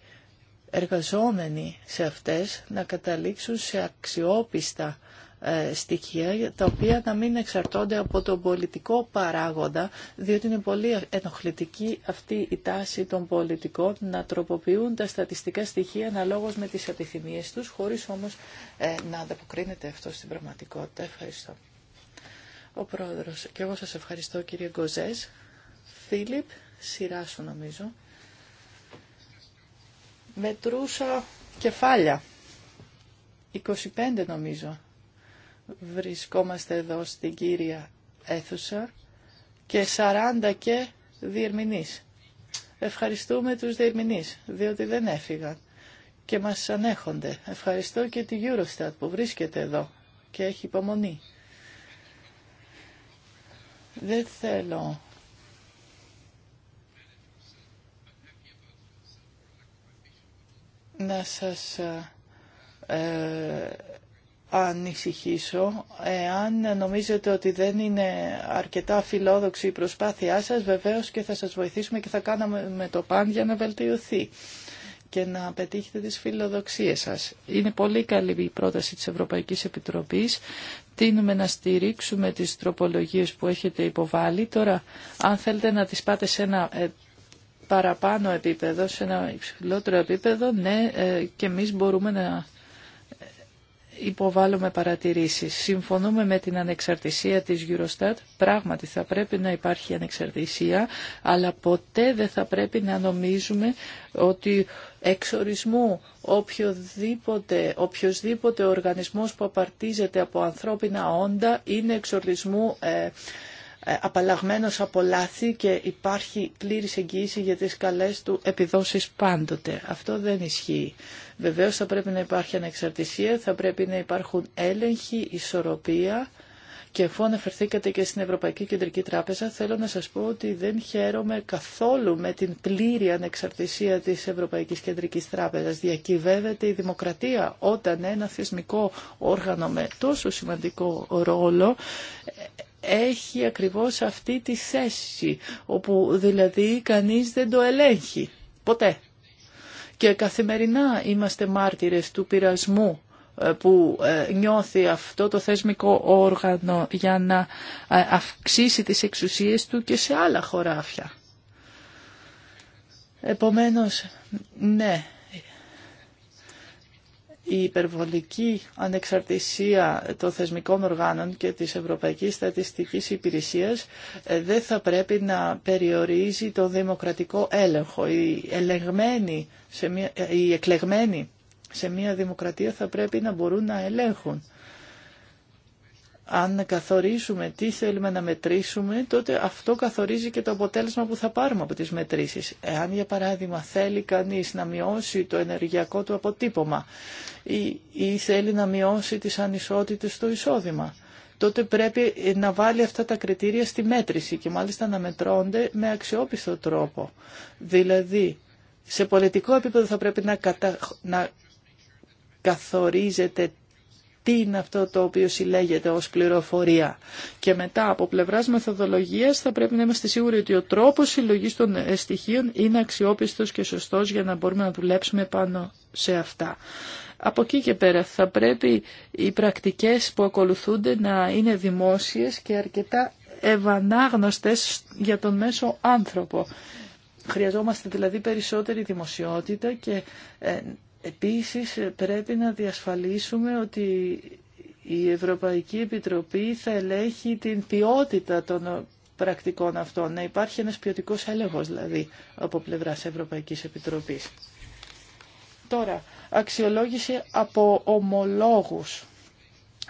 εργαζόμενοι σε αυτές να καταλήξουν σε αξιόπιστα ε, στοιχεία τα οποία να μην εξαρτώνται από τον πολιτικό παράγοντα διότι είναι πολύ ενοχλητική αυτή η τάση των πολιτικών να τροποποιούν τα στατιστικά στοιχεία αναλόγως με τις επιθυμίες τους χωρίς όμως ε, να ανταποκρίνεται αυτό στην πραγματικότητα. Ευχαριστώ. Ο Πρόεδρος και εγώ σας ευχαριστώ κύριε Γκοζές. Φίλιπ, σειρά σου νομίζω. Μετρούσα κεφάλια. 25 νομίζω βρισκόμαστε εδώ στην κύρια αίθουσα και 40 και διερμηνείς. Ευχαριστούμε τους διερμηνείς, διότι δεν έφυγαν και μας ανέχονται. Ευχαριστώ και τη Eurostat που βρίσκεται εδώ και έχει υπομονή. Δεν θέλω να σας ε, ανησυχήσω. Εάν νομίζετε ότι δεν είναι αρκετά φιλόδοξη η προσπάθειά σας, βεβαίως και θα σας βοηθήσουμε και θα κάναμε με το παν για να βελτιωθεί και να πετύχετε τις φιλοδοξίες σας. Είναι πολύ καλή η πρόταση της Ευρωπαϊκής Επιτροπής. Τίνουμε να στηρίξουμε τις τροπολογίες που έχετε υποβάλει. Τώρα, αν θέλετε να τις πάτε σε ένα ε, παραπάνω επίπεδο, σε ένα υψηλότερο επίπεδο, ναι, ε, και εμείς μπορούμε να υποβάλλουμε παρατηρήσεις. Συμφωνούμε με την ανεξαρτησία της Eurostat. Πράγματι θα πρέπει να υπάρχει ανεξαρτησία, αλλά ποτέ δεν θα πρέπει να νομίζουμε ότι εξορισμού οποιοδήποτε, οποιοδήποτε οργανισμός που απαρτίζεται από ανθρώπινα όντα είναι εξορισμού ε, ε, απαλλαγμένος από λάθη και υπάρχει πλήρης εγγύηση για τις καλές του επιδόσεις πάντοτε. Αυτό δεν ισχύει. Βεβαίως θα πρέπει να υπάρχει ανεξαρτησία, θα πρέπει να υπάρχουν έλεγχοι, ισορροπία και αφού αναφερθήκατε και στην Ευρωπαϊκή Κεντρική Τράπεζα, θέλω να σας πω ότι δεν χαίρομαι καθόλου με την πλήρη ανεξαρτησία της Ευρωπαϊκής Κεντρικής Τράπεζας. Διακυβεύεται η δημοκρατία όταν ένα θεσμικό όργανο με τόσο σημαντικό ρόλο έχει ακριβώς αυτή τη θέση, όπου δηλαδή κανείς δεν το ελέγχει. Ποτέ. Και καθημερινά είμαστε μάρτυρες του πειρασμού ε, που ε, νιώθει αυτό το θεσμικό όργανο για να ε, αυξήσει τις εξουσίες του και σε άλλα χωράφια. Επομένως, ναι, η υπερβολική ανεξαρτησία των θεσμικών οργάνων και της Ευρωπαϊκής Στατιστικής Υπηρεσίας ε, δεν θα πρέπει να περιορίζει το δημοκρατικό έλεγχο. οι εκλεγμένοι σε μια δημοκρατία θα πρέπει να μπορούν να ελέγχουν αν καθορίσουμε τι θέλουμε να μετρήσουμε, τότε αυτό καθορίζει και το αποτέλεσμα που θα πάρουμε από τις μετρήσεις. Εάν, για παράδειγμα, θέλει κανείς να μειώσει το ενεργειακό του αποτύπωμα ή, θέλει να μειώσει τις ανισότητες στο εισόδημα, τότε πρέπει να βάλει αυτά τα κριτήρια στη μέτρηση και μάλιστα να μετρώνται με αξιόπιστο τρόπο. Δηλαδή, σε πολιτικό επίπεδο θα πρέπει να, κατα... να καθορίζεται τι είναι αυτό το οποίο συλλέγεται ως πληροφορία. Και μετά από πλευράς μεθοδολογίας θα πρέπει να είμαστε σίγουροι ότι ο τρόπος συλλογής των στοιχείων είναι αξιόπιστος και σωστός για να μπορούμε να δουλέψουμε πάνω σε αυτά. Από εκεί και πέρα θα πρέπει οι πρακτικές που ακολουθούνται να είναι δημόσιες και αρκετά ευανάγνωστες για τον μέσο άνθρωπο. Χρειαζόμαστε δηλαδή περισσότερη δημοσιότητα και ε, Επίσης πρέπει να διασφαλίσουμε ότι η Ευρωπαϊκή Επιτροπή θα ελέγχει την ποιότητα των πρακτικών αυτών, να υπάρχει ένας ποιοτικός έλεγχος δηλαδή από πλευράς Ευρωπαϊκής Επιτροπής. Τώρα, αξιολόγηση από ομολόγους,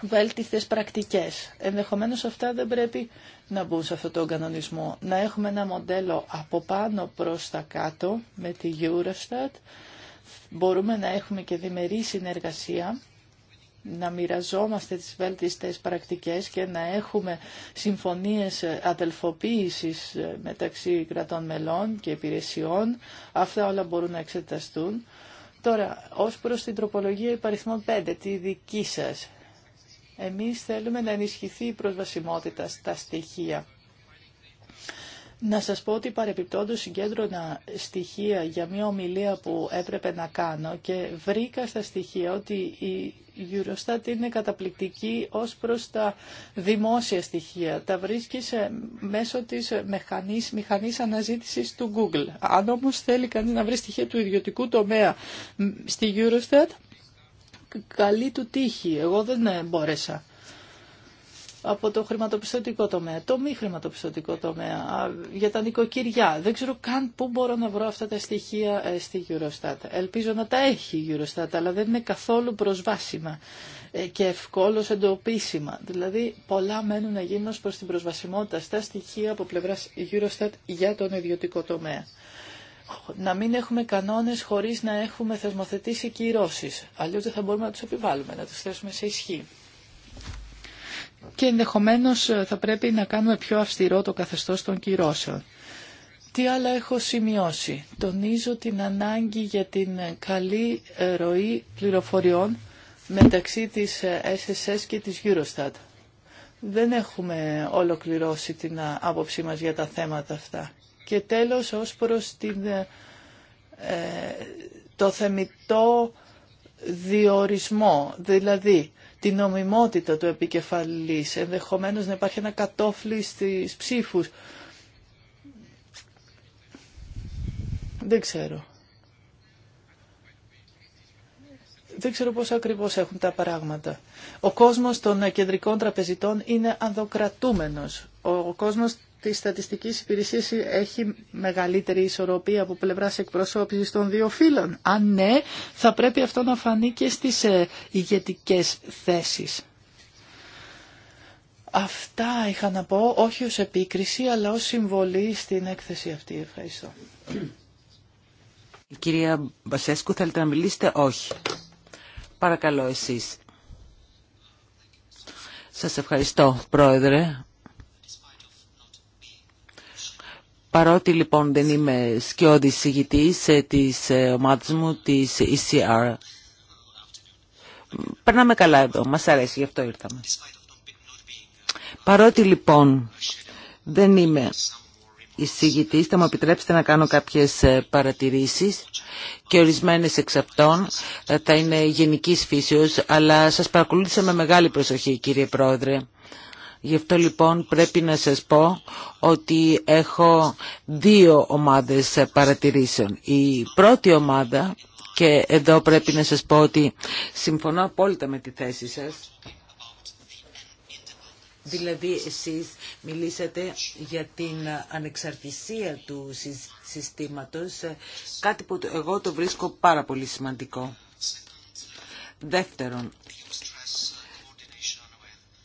βέλτιστες πρακτικές. Ενδεχομένως αυτά δεν πρέπει να μπουν σε αυτόν τον κανονισμό. Να έχουμε ένα μοντέλο από πάνω προς τα κάτω με τη Eurostat, μπορούμε να έχουμε και διμερή συνεργασία να μοιραζόμαστε τις βέλτιστες πρακτικές και να έχουμε συμφωνίες αδελφοποίησης μεταξύ κρατών μελών και υπηρεσιών. Αυτά όλα μπορούν να εξεταστούν. Τώρα, ως προς την τροπολογία υπαριθμών 5, τη δική σας. Εμείς θέλουμε να ενισχυθεί η προσβασιμότητα στα στοιχεία να σας πω ότι παρεπιπτόντως συγκέντρωνα στοιχεία για μια ομιλία που έπρεπε να κάνω και βρήκα στα στοιχεία ότι η Eurostat είναι καταπληκτική ως προς τα δημόσια στοιχεία. Τα βρίσκει μέσω της μηχανής, μηχανής αναζήτησης του Google. Αν όμως θέλει κανείς να βρει στοιχεία του ιδιωτικού τομέα στη Eurostat, καλή του τύχη. Εγώ δεν ε, μπόρεσα από το χρηματοπιστωτικό τομέα, το μη χρηματοπιστωτικό τομέα, για τα νοικοκυριά. Δεν ξέρω καν πού μπορώ να βρω αυτά τα στοιχεία ε, στη Eurostat. Ελπίζω να τα έχει η Eurostat, αλλά δεν είναι καθόλου προσβάσιμα ε, και ευκόλως εντοπίσιμα. Δηλαδή πολλά μένουν να γίνουν προς την προσβασιμότητα στα στοιχεία από πλευράς Eurostat για τον ιδιωτικό τομέα να μην έχουμε κανόνες χωρίς να έχουμε θεσμοθετήσει κυρώσεις. Αλλιώς δεν θα μπορούμε να του επιβάλλουμε, να του θέσουμε σε ισχύ και ενδεχομένως ε, θα πρέπει να κάνουμε πιο αυστηρό το καθεστώς των κυρώσεων. Τι άλλα έχω σημειώσει. Τονίζω την ανάγκη για την καλή ροή πληροφοριών μεταξύ της SSS ε, και της Eurostat. Δεν έχουμε ολοκληρώσει την ε, άποψή μας για τα θέματα αυτά. Και τέλος, ως προς την, ε, το θεμητό διορισμό, δηλαδή την νομιμότητα του επικεφαλής, ενδεχομένως να υπάρχει ένα κατόφλι στις ψήφους. Δεν ξέρω. Δεν ξέρω πώς ακριβώς έχουν τα πράγματα. Ο κόσμος των κεντρικών τραπεζιτών είναι ανδοκρατούμενος. Ο κόσμος της στατιστικής υπηρεσίας έχει μεγαλύτερη ισορροπία από πλευράς εκπροσώπησης των δύο φύλων. Αν ναι, θα πρέπει αυτό να φανεί και στις ε, ηγετικές θέσεις. Αυτά είχα να πω, όχι ως επίκριση, αλλά ως συμβολή στην έκθεση αυτή. Ευχαριστώ.
Η κυρία Μπασέσκου, θέλετε να μιλήσετε. Όχι. Παρακαλώ εσείς. Σας ευχαριστώ, Πρόεδρε. Παρότι λοιπόν δεν είμαι σκιώδης συγητής ε, της ε, ομάδας μου, της ECR, περνάμε καλά εδώ, μας αρέσει, γι' αυτό ήρθαμε. Παρότι λοιπόν δεν είμαι εισηγητής, θα μου επιτρέψετε να κάνω κάποιες ε, παρατηρήσεις και ορισμένες εξ αυτών θα είναι γενικής φύσεως, αλλά σας παρακολούθησα με μεγάλη προσοχή κύριε Πρόεδρε Γι' αυτό λοιπόν πρέπει να σας πω ότι έχω δύο ομάδες παρατηρήσεων. Η πρώτη ομάδα, και εδώ πρέπει να σας πω ότι συμφωνώ απόλυτα με τη θέση σας, Δηλαδή εσείς μιλήσατε για την ανεξαρτησία του συστήματος, κάτι που εγώ το βρίσκω πάρα πολύ σημαντικό. Δεύτερον,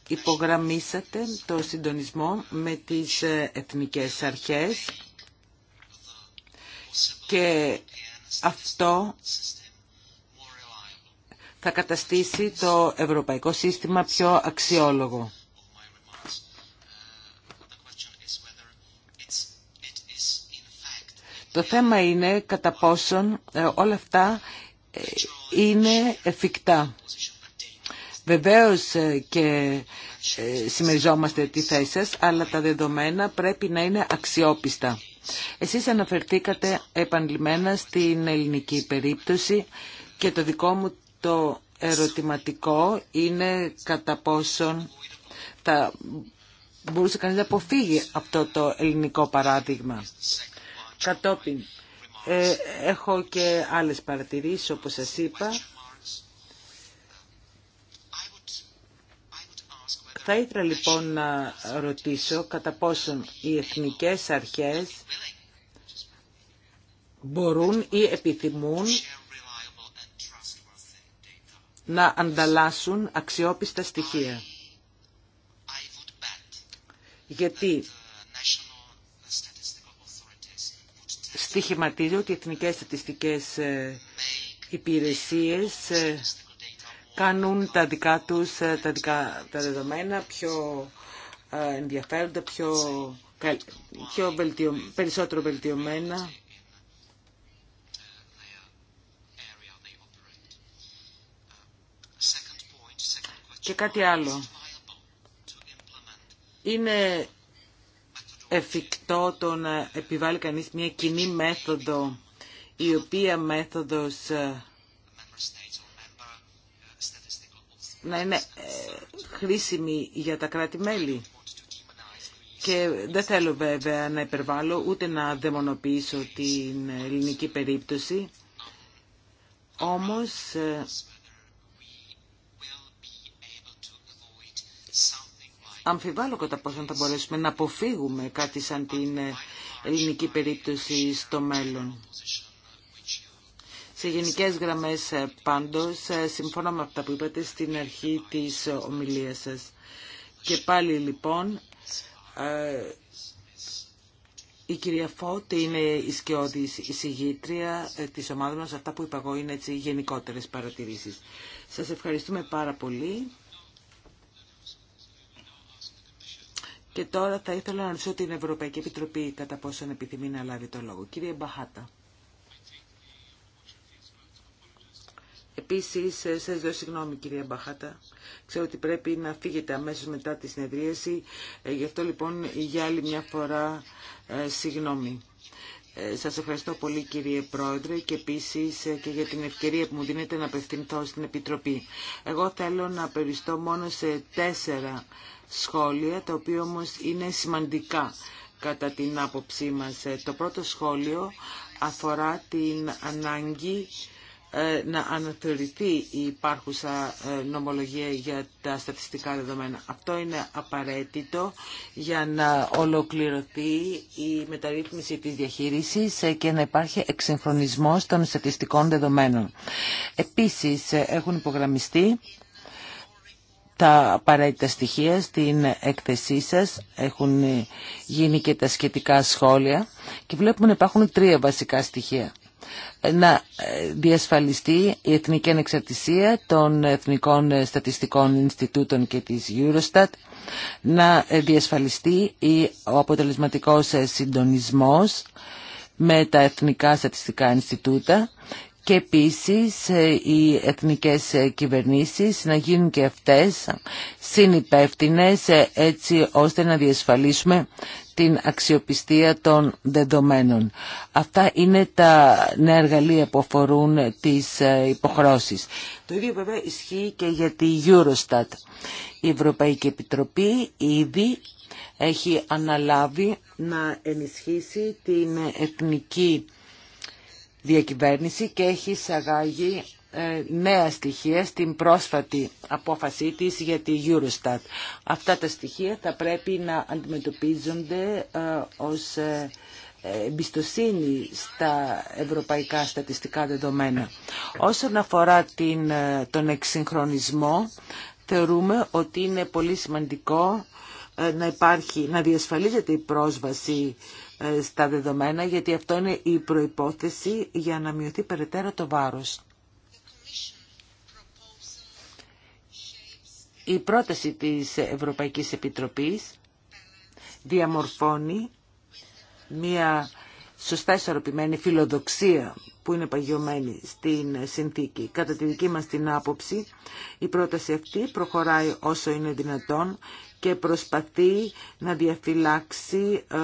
υπογραμμίσατε το συντονισμό με τις ε, εθνικές αρχές και αυτό θα καταστήσει το ευρωπαϊκό σύστημα πιο αξιόλογο. Το θέμα είναι κατά πόσον ε, όλα αυτά ε, είναι εφικτά. Βεβαίως ε, και ε, συμμεριζόμαστε τη θέση σας, αλλά τα δεδομένα πρέπει να είναι αξιόπιστα. Εσείς αναφερθήκατε επανειλημμένα στην ελληνική περίπτωση και το δικό μου το ερωτηματικό είναι κατά πόσον θα μπορούσε κανείς να αποφύγει αυτό το ελληνικό παράδειγμα. Κατόπιν, ε, έχω και άλλες παρατηρήσεις όπως σας είπα Θα ήθελα λοιπόν να ρωτήσω κατά πόσον οι εθνικές αρχές μπορούν ή επιθυμούν να ανταλλάσσουν αξιόπιστα στοιχεία. Γιατί στοιχηματίζω ότι οι εθνικές στατιστικές ε, υπηρεσίες ε, κάνουν τα δικά τους ε, τα, δικά, τα δεδομένα πιο ε, ενδιαφέροντα, πιο, πιο βελτιω, περισσότερο βελτιωμένα. Και κάτι άλλο. Είναι εφικτό το να επιβάλλει κανείς μια κοινή μέθοδο, η οποία μέθοδος ε, να είναι ε, χρήσιμη για τα κράτη-μέλη. Και δεν θέλω βέβαια να υπερβάλλω ούτε να δαιμονοποιήσω την ελληνική περίπτωση. Όμως ε, αμφιβάλλω κατά πόσο θα μπορέσουμε να αποφύγουμε κάτι σαν την ε, ελληνική περίπτωση στο μέλλον. Σε γενικές γραμμές ε, πάντως, ε, συμφωνώ με αυτά που είπατε στην αρχή της ομιλίας σας. Και πάλι λοιπόν, ε, η κυρία Φώτ είναι η σκιώδη εισηγήτρια της ομάδας μας. Αυτά που είπα εγώ είναι έτσι γενικότερες παρατηρήσεις. Σας ευχαριστούμε πάρα πολύ. Και τώρα θα ήθελα να ρωτήσω την Ευρωπαϊκή Επιτροπή κατά πόσον επιθυμεί να λάβει το λόγο. Κύριε Μπαχάτα. Επίσης, ε, σας δω συγγνώμη κυρία Μπαχάτα. Ξέρω ότι πρέπει να φύγετε αμέσως μετά τη συνεδρίαση. Ε, γι' αυτό λοιπόν για άλλη μια φορά ε, συγγνώμη. Σας ευχαριστώ πολύ κύριε Πρόεδρε και επίσης και για την ευκαιρία που μου δίνετε να απευθυνθώ στην Επιτροπή. Εγώ θέλω να περιστώ μόνο σε τέσσερα σχόλια, τα οποία όμως είναι σημαντικά κατά την άποψή μας. Το πρώτο σχόλιο αφορά την ανάγκη ε, να αναθεωρηθεί η υπάρχουσα ε, νομολογία για τα στατιστικά δεδομένα. Αυτό είναι απαραίτητο για να ολοκληρωθεί η μεταρρύθμιση της διαχείρισης ε, και να υπάρχει εξυγχρονισμός των στατιστικών δεδομένων. Επίσης έχουν υπογραμμιστεί τα απαραίτητα στοιχεία στην έκθεσή σας. Έχουν γίνει και τα σχετικά σχόλια και βλέπουμε να υπάρχουν τρία βασικά στοιχεία να ε, διασφαλιστεί η εθνική ανεξαρτησία των Εθνικών Στατιστικών Ινστιτούτων και της Eurostat, να ε, διασφαλιστεί ο αποτελεσματικός ε, συντονισμός με τα Εθνικά Στατιστικά Ινστιτούτα και επίσης οι εθνικές κυβερνήσεις να γίνουν και αυτές συνυπεύθυνες έτσι ώστε να διασφαλίσουμε την αξιοπιστία των δεδομένων. Αυτά είναι τα νέα εργαλεία που αφορούν τις ε, υποχρώσεις. Το ίδιο βέβαια ισχύει και για τη Eurostat. Η Ευρωπαϊκή Επιτροπή ήδη έχει αναλάβει να ενισχύσει την εθνική διακυβέρνηση και έχει σαγάγει ε, νέα στοιχεία στην πρόσφατη απόφασή της για τη Eurostat. Αυτά τα στοιχεία θα πρέπει να αντιμετωπίζονται ε, ως ε, εμπιστοσύνη στα ευρωπαϊκά στατιστικά δεδομένα. Όσον αφορά την, τον εξυγχρονισμό, θεωρούμε ότι είναι πολύ σημαντικό να, υπάρχει, να διασφαλίζεται η πρόσβαση στα δεδομένα, γιατί αυτό είναι η προϋπόθεση για να μειωθεί περαιτέρω το βάρος. Η πρόταση της Ευρωπαϊκής Επιτροπής διαμορφώνει μια σωστά ισορροπημένη φιλοδοξία που είναι παγιωμένη στην συνθήκη. Κατά τη δική μας την άποψη, η πρόταση αυτή προχωράει όσο είναι δυνατόν και προσπαθεί να διαφυλάξει ε,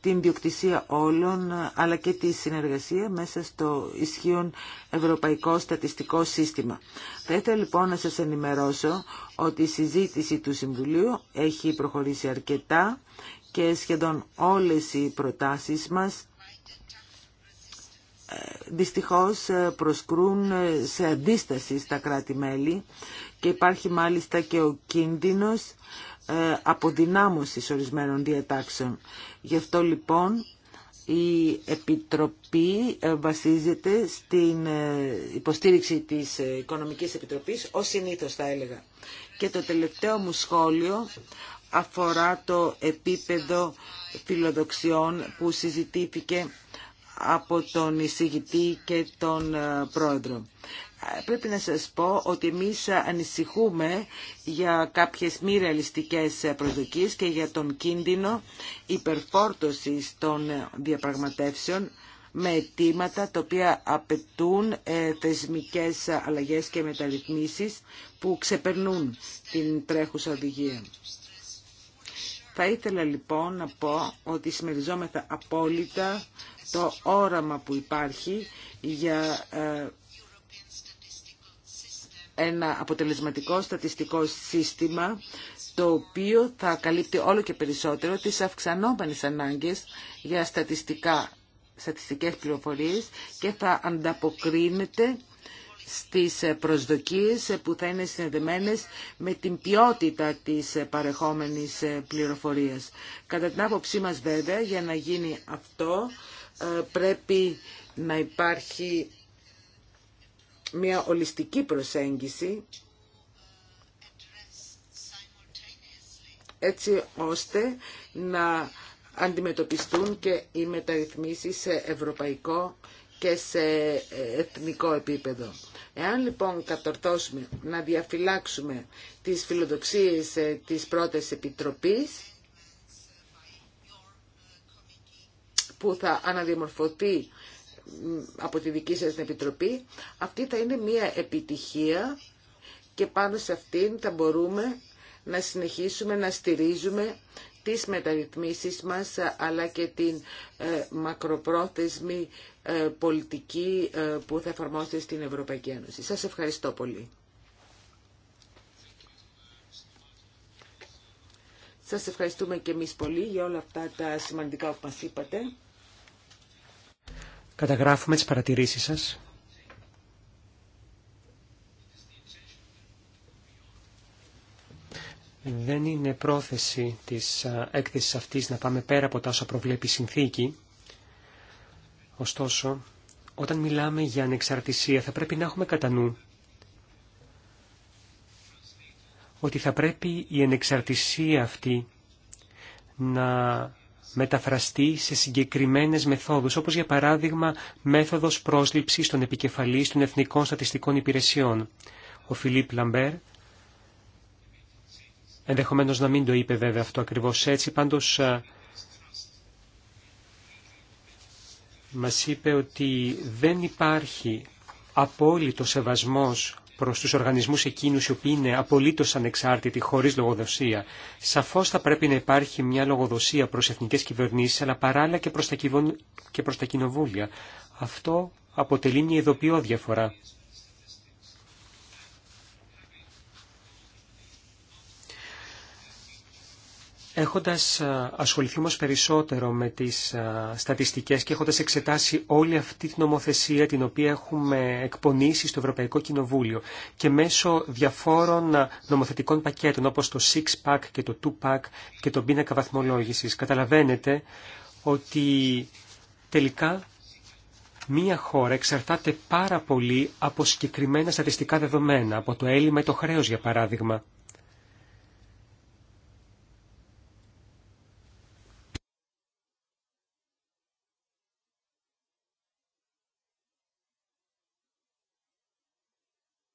την διοκτησία όλων αλλά και τη συνεργασία μέσα στο ισχύον ευρωπαϊκό στατιστικό σύστημα. Θα ήθελα λοιπόν να σας ενημερώσω ότι η συζήτηση του Συμβουλίου έχει προχωρήσει αρκετά και σχεδόν όλες οι προτάσεις μας ε, δυστυχώς ε, προσκρούν σε αντίσταση στα κράτη-μέλη και υπάρχει μάλιστα και ο κίνδυνος ε, αποδυνάμωσης ορισμένων διατάξεων. Γι' αυτό λοιπόν η Επιτροπή ε, βασίζεται στην ε, υποστήριξη της Οικονομικής Επιτροπής, ως συνήθως θα έλεγα. Και το τελευταίο μου σχόλιο αφορά το επίπεδο φιλοδοξιών που συζητήθηκε από τον εισηγητή και τον ε, πρόεδρο. Πρέπει να σας πω ότι εμείς ανησυχούμε για κάποιες μη ρεαλιστικές προσδοκίες και για τον κίνδυνο υπερφόρτωσης των διαπραγματεύσεων με αιτήματα τα οποία απαιτούν ε, θεσμικές αλλαγές και μεταρρυθμίσεις που ξεπερνούν την τρέχουσα οδηγία. Θα ήθελα λοιπόν να πω ότι συμμεριζόμεθα απόλυτα το όραμα που υπάρχει για ε, ένα αποτελεσματικό στατιστικό σύστημα το οποίο θα καλύπτει όλο και περισσότερο τις αυξανόμενες ανάγκες για στατιστικά, στατιστικές πληροφορίες και θα ανταποκρίνεται στις προσδοκίες που θα είναι συνδεμένες με την ποιότητα της παρεχόμενης πληροφορίας. Κατά την άποψή μας βέβαια, για να γίνει αυτό, ε, πρέπει να υπάρχει μια ολιστική προσέγγιση έτσι ώστε να αντιμετωπιστούν και οι μεταρρυθμίσεις σε ευρωπαϊκό και σε εθνικό επίπεδο. Εάν λοιπόν κατορθώσουμε να διαφυλάξουμε τις φιλοδοξίες ε, της πρώτης επιτροπής, που θα αναδιαμορφωθεί από τη δική σας Επιτροπή, αυτή θα είναι μια επιτυχία και πάνω σε αυτήν θα μπορούμε να συνεχίσουμε να στηρίζουμε τις μεταρρυθμίσεις μας αλλά και την ε, μακροπρόθεσμη ε, πολιτική ε, που θα εφαρμόσετε στην Ευρωπαϊκή Ένωση. Σας ευχαριστώ πολύ. Σας ευχαριστούμε και εμείς πολύ για όλα αυτά τα σημαντικά που μας είπατε.
Καταγράφουμε τις παρατηρήσεις σας. Δεν είναι πρόθεση της έκθεσης αυτής να πάμε πέρα από τα όσα προβλέπει η συνθήκη. Ωστόσο, όταν μιλάμε για ανεξαρτησία θα πρέπει να έχουμε κατά νου ότι θα πρέπει η ανεξαρτησία αυτή να μεταφραστεί σε συγκεκριμένες μεθόδους, όπως για παράδειγμα μέθοδος πρόσληψης των επικεφαλής των Εθνικών Στατιστικών Υπηρεσιών. Ο Φιλίπ Λαμπέρ, ενδεχομένως να μην το είπε βέβαια αυτό ακριβώς έτσι, πάντως μας είπε ότι δεν υπάρχει απόλυτο σεβασμός προς τους οργανισμούς εκείνους οι οποίοι είναι απολύτως ανεξάρτητοι, χωρίς λογοδοσία. Σαφώς θα πρέπει να υπάρχει μια λογοδοσία προς εθνικές κυβερνήσεις, αλλά παράλληλα και προς τα, κυβων... κοινοβούλια. Αυτό αποτελεί μια ειδοποιώ διαφορά. Έχοντας ασχοληθεί όμως περισσότερο με τις στατιστικές και έχοντας εξετάσει όλη αυτή τη νομοθεσία την οποία έχουμε εκπονήσει στο Ευρωπαϊκό Κοινοβούλιο και μέσω διαφόρων νομοθετικών πακέτων όπως το 6-pack και το 2-pack και τον πίνακα βαθμολόγησης καταλαβαίνετε ότι τελικά μία χώρα εξαρτάται πάρα πολύ από συγκεκριμένα στατιστικά δεδομένα, από το έλλειμμα ή το χρέος για παράδειγμα.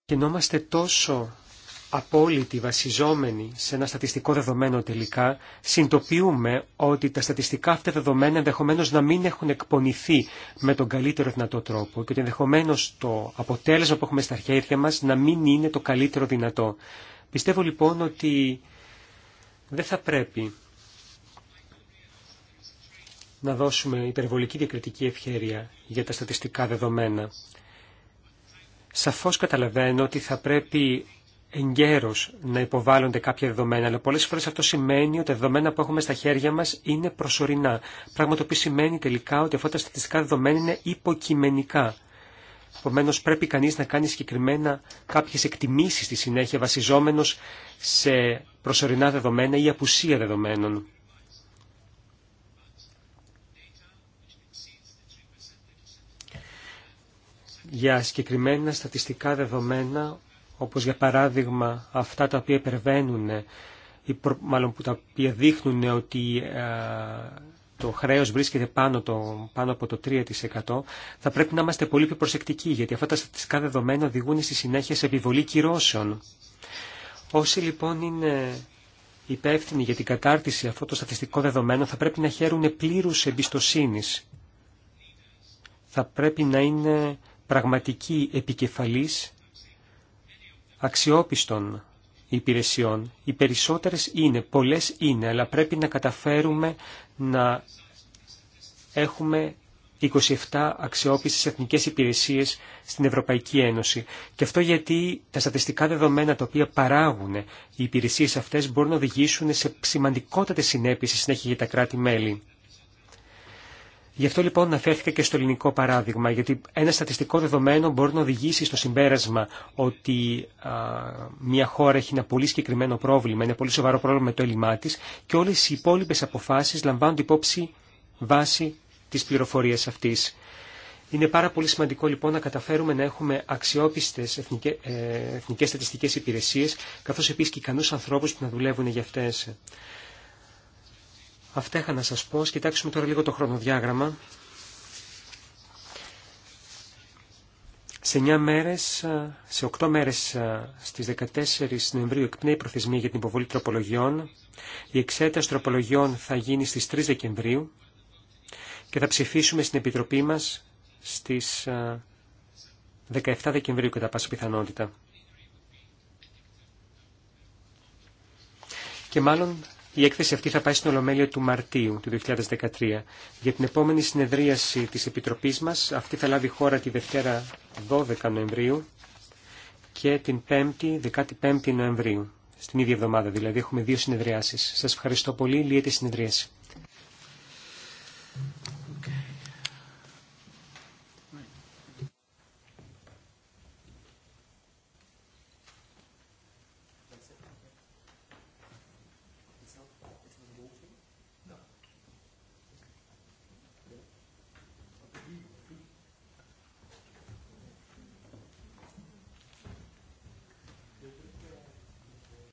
και να είμαστε τόσο απόλυτοι βασιζόμενοι σε ένα στατιστικό δεδομένο τελικά, συντοποιούμε ότι τα στατιστικά αυτά δεδομένα ενδεχομένω να μην έχουν εκπονηθεί με τον καλύτερο δυνατό τρόπο και ότι ενδεχομένω το αποτέλεσμα που έχουμε στα χέρια μα να μην είναι το καλύτερο δυνατό. Πιστεύω λοιπόν ότι δεν θα πρέπει να δώσουμε υπερβολική διακριτική ευχέρεια για τα στατιστικά δεδομένα. Σαφώς καταλαβαίνω ότι θα πρέπει εγκαίρως να υποβάλλονται κάποια δεδομένα, αλλά πολλές φορές αυτό σημαίνει ότι τα δεδομένα που έχουμε στα χέρια μας είναι προσωρινά, πράγμα το οποίο σημαίνει τελικά ότι αυτά τα στατιστικά δεδομένα είναι υποκειμενικά. Επομένω, πρέπει κανείς να κάνει συγκεκριμένα κάποιες εκτιμήσεις στη συνέχεια βασιζόμενος σε προσωρινά δεδομένα ή απουσία δεδομένων. για συγκεκριμένα στατιστικά δεδομένα, όπως για παράδειγμα αυτά τα οποία υπερβαίνουν, ή μάλλον που τα οποία δείχνουν ότι ε, το χρέος βρίσκεται πάνω, το, πάνω από το 3%, θα πρέπει να είμαστε πολύ πιο προσεκτικοί, γιατί αυτά τα στατιστικά δεδομένα οδηγούν στη συνέχεια σε επιβολή κυρώσεων. Όσοι λοιπόν είναι υπεύθυνοι για την κατάρτιση αυτό των στατιστικών δεδομένων θα πρέπει να χαίρουν πλήρους εμπιστοσύνης. Θα πρέπει να είναι πραγματική επικεφαλής αξιόπιστων υπηρεσιών. Οι περισσότερες είναι, πολλές είναι, αλλά πρέπει να καταφέρουμε να έχουμε 27 αξιόπιστες εθνικές υπηρεσίες στην Ευρωπαϊκή Ένωση. Και αυτό γιατί τα στατιστικά δεδομένα τα οποία παράγουν οι υπηρεσίες αυτές μπορούν να οδηγήσουν σε σημαντικότατες συνέπειες συνέχεια για τα κράτη-μέλη. Γι' αυτό λοιπόν αναφέρθηκα και στο ελληνικό παράδειγμα, γιατί ένα στατιστικό δεδομένο μπορεί να οδηγήσει στο συμπέρασμα ότι μια χώρα έχει ένα πολύ συγκεκριμένο πρόβλημα, ένα πολύ σοβαρό πρόβλημα με το έλλειμμά τη και όλε οι υπόλοιπε αποφάσει λαμβάνουν υπόψη βάση τη πληροφορία αυτή. Είναι πάρα πολύ σημαντικό λοιπόν να καταφέρουμε να έχουμε αξιόπιστε εθνικέ ε, στατιστικέ υπηρεσίε, καθώ επίση και ικανού ανθρώπου που να δουλεύουν για αυτέ. Αυτά είχα να σας πω. Κοιτάξουμε τώρα λίγο το χρονοδιάγραμμα. Σε 9 μέρες, σε 8 μέρες στις 14 Νοεμβρίου εκπνέει η προθεσμία για την υποβολή τροπολογιών. Η εξέταση τροπολογιών θα γίνει στις 3 Δεκεμβρίου και θα ψηφίσουμε στην Επιτροπή μας στις 17 Δεκεμβρίου κατά πάσα πιθανότητα. Και μάλλον η έκθεση αυτή θα πάει στην Ολομέλεια του Μαρτίου του 2013. Για την επόμενη συνεδρίαση της Επιτροπής μας, αυτή θα λάβει χώρα τη Δευτέρα 12 Νοεμβρίου και την 5η, 15η Νοεμβρίου. Στην ίδια εβδομάδα δηλαδή έχουμε δύο συνεδριάσεις. Σας ευχαριστώ πολύ. Λύεται η συνεδρίαση.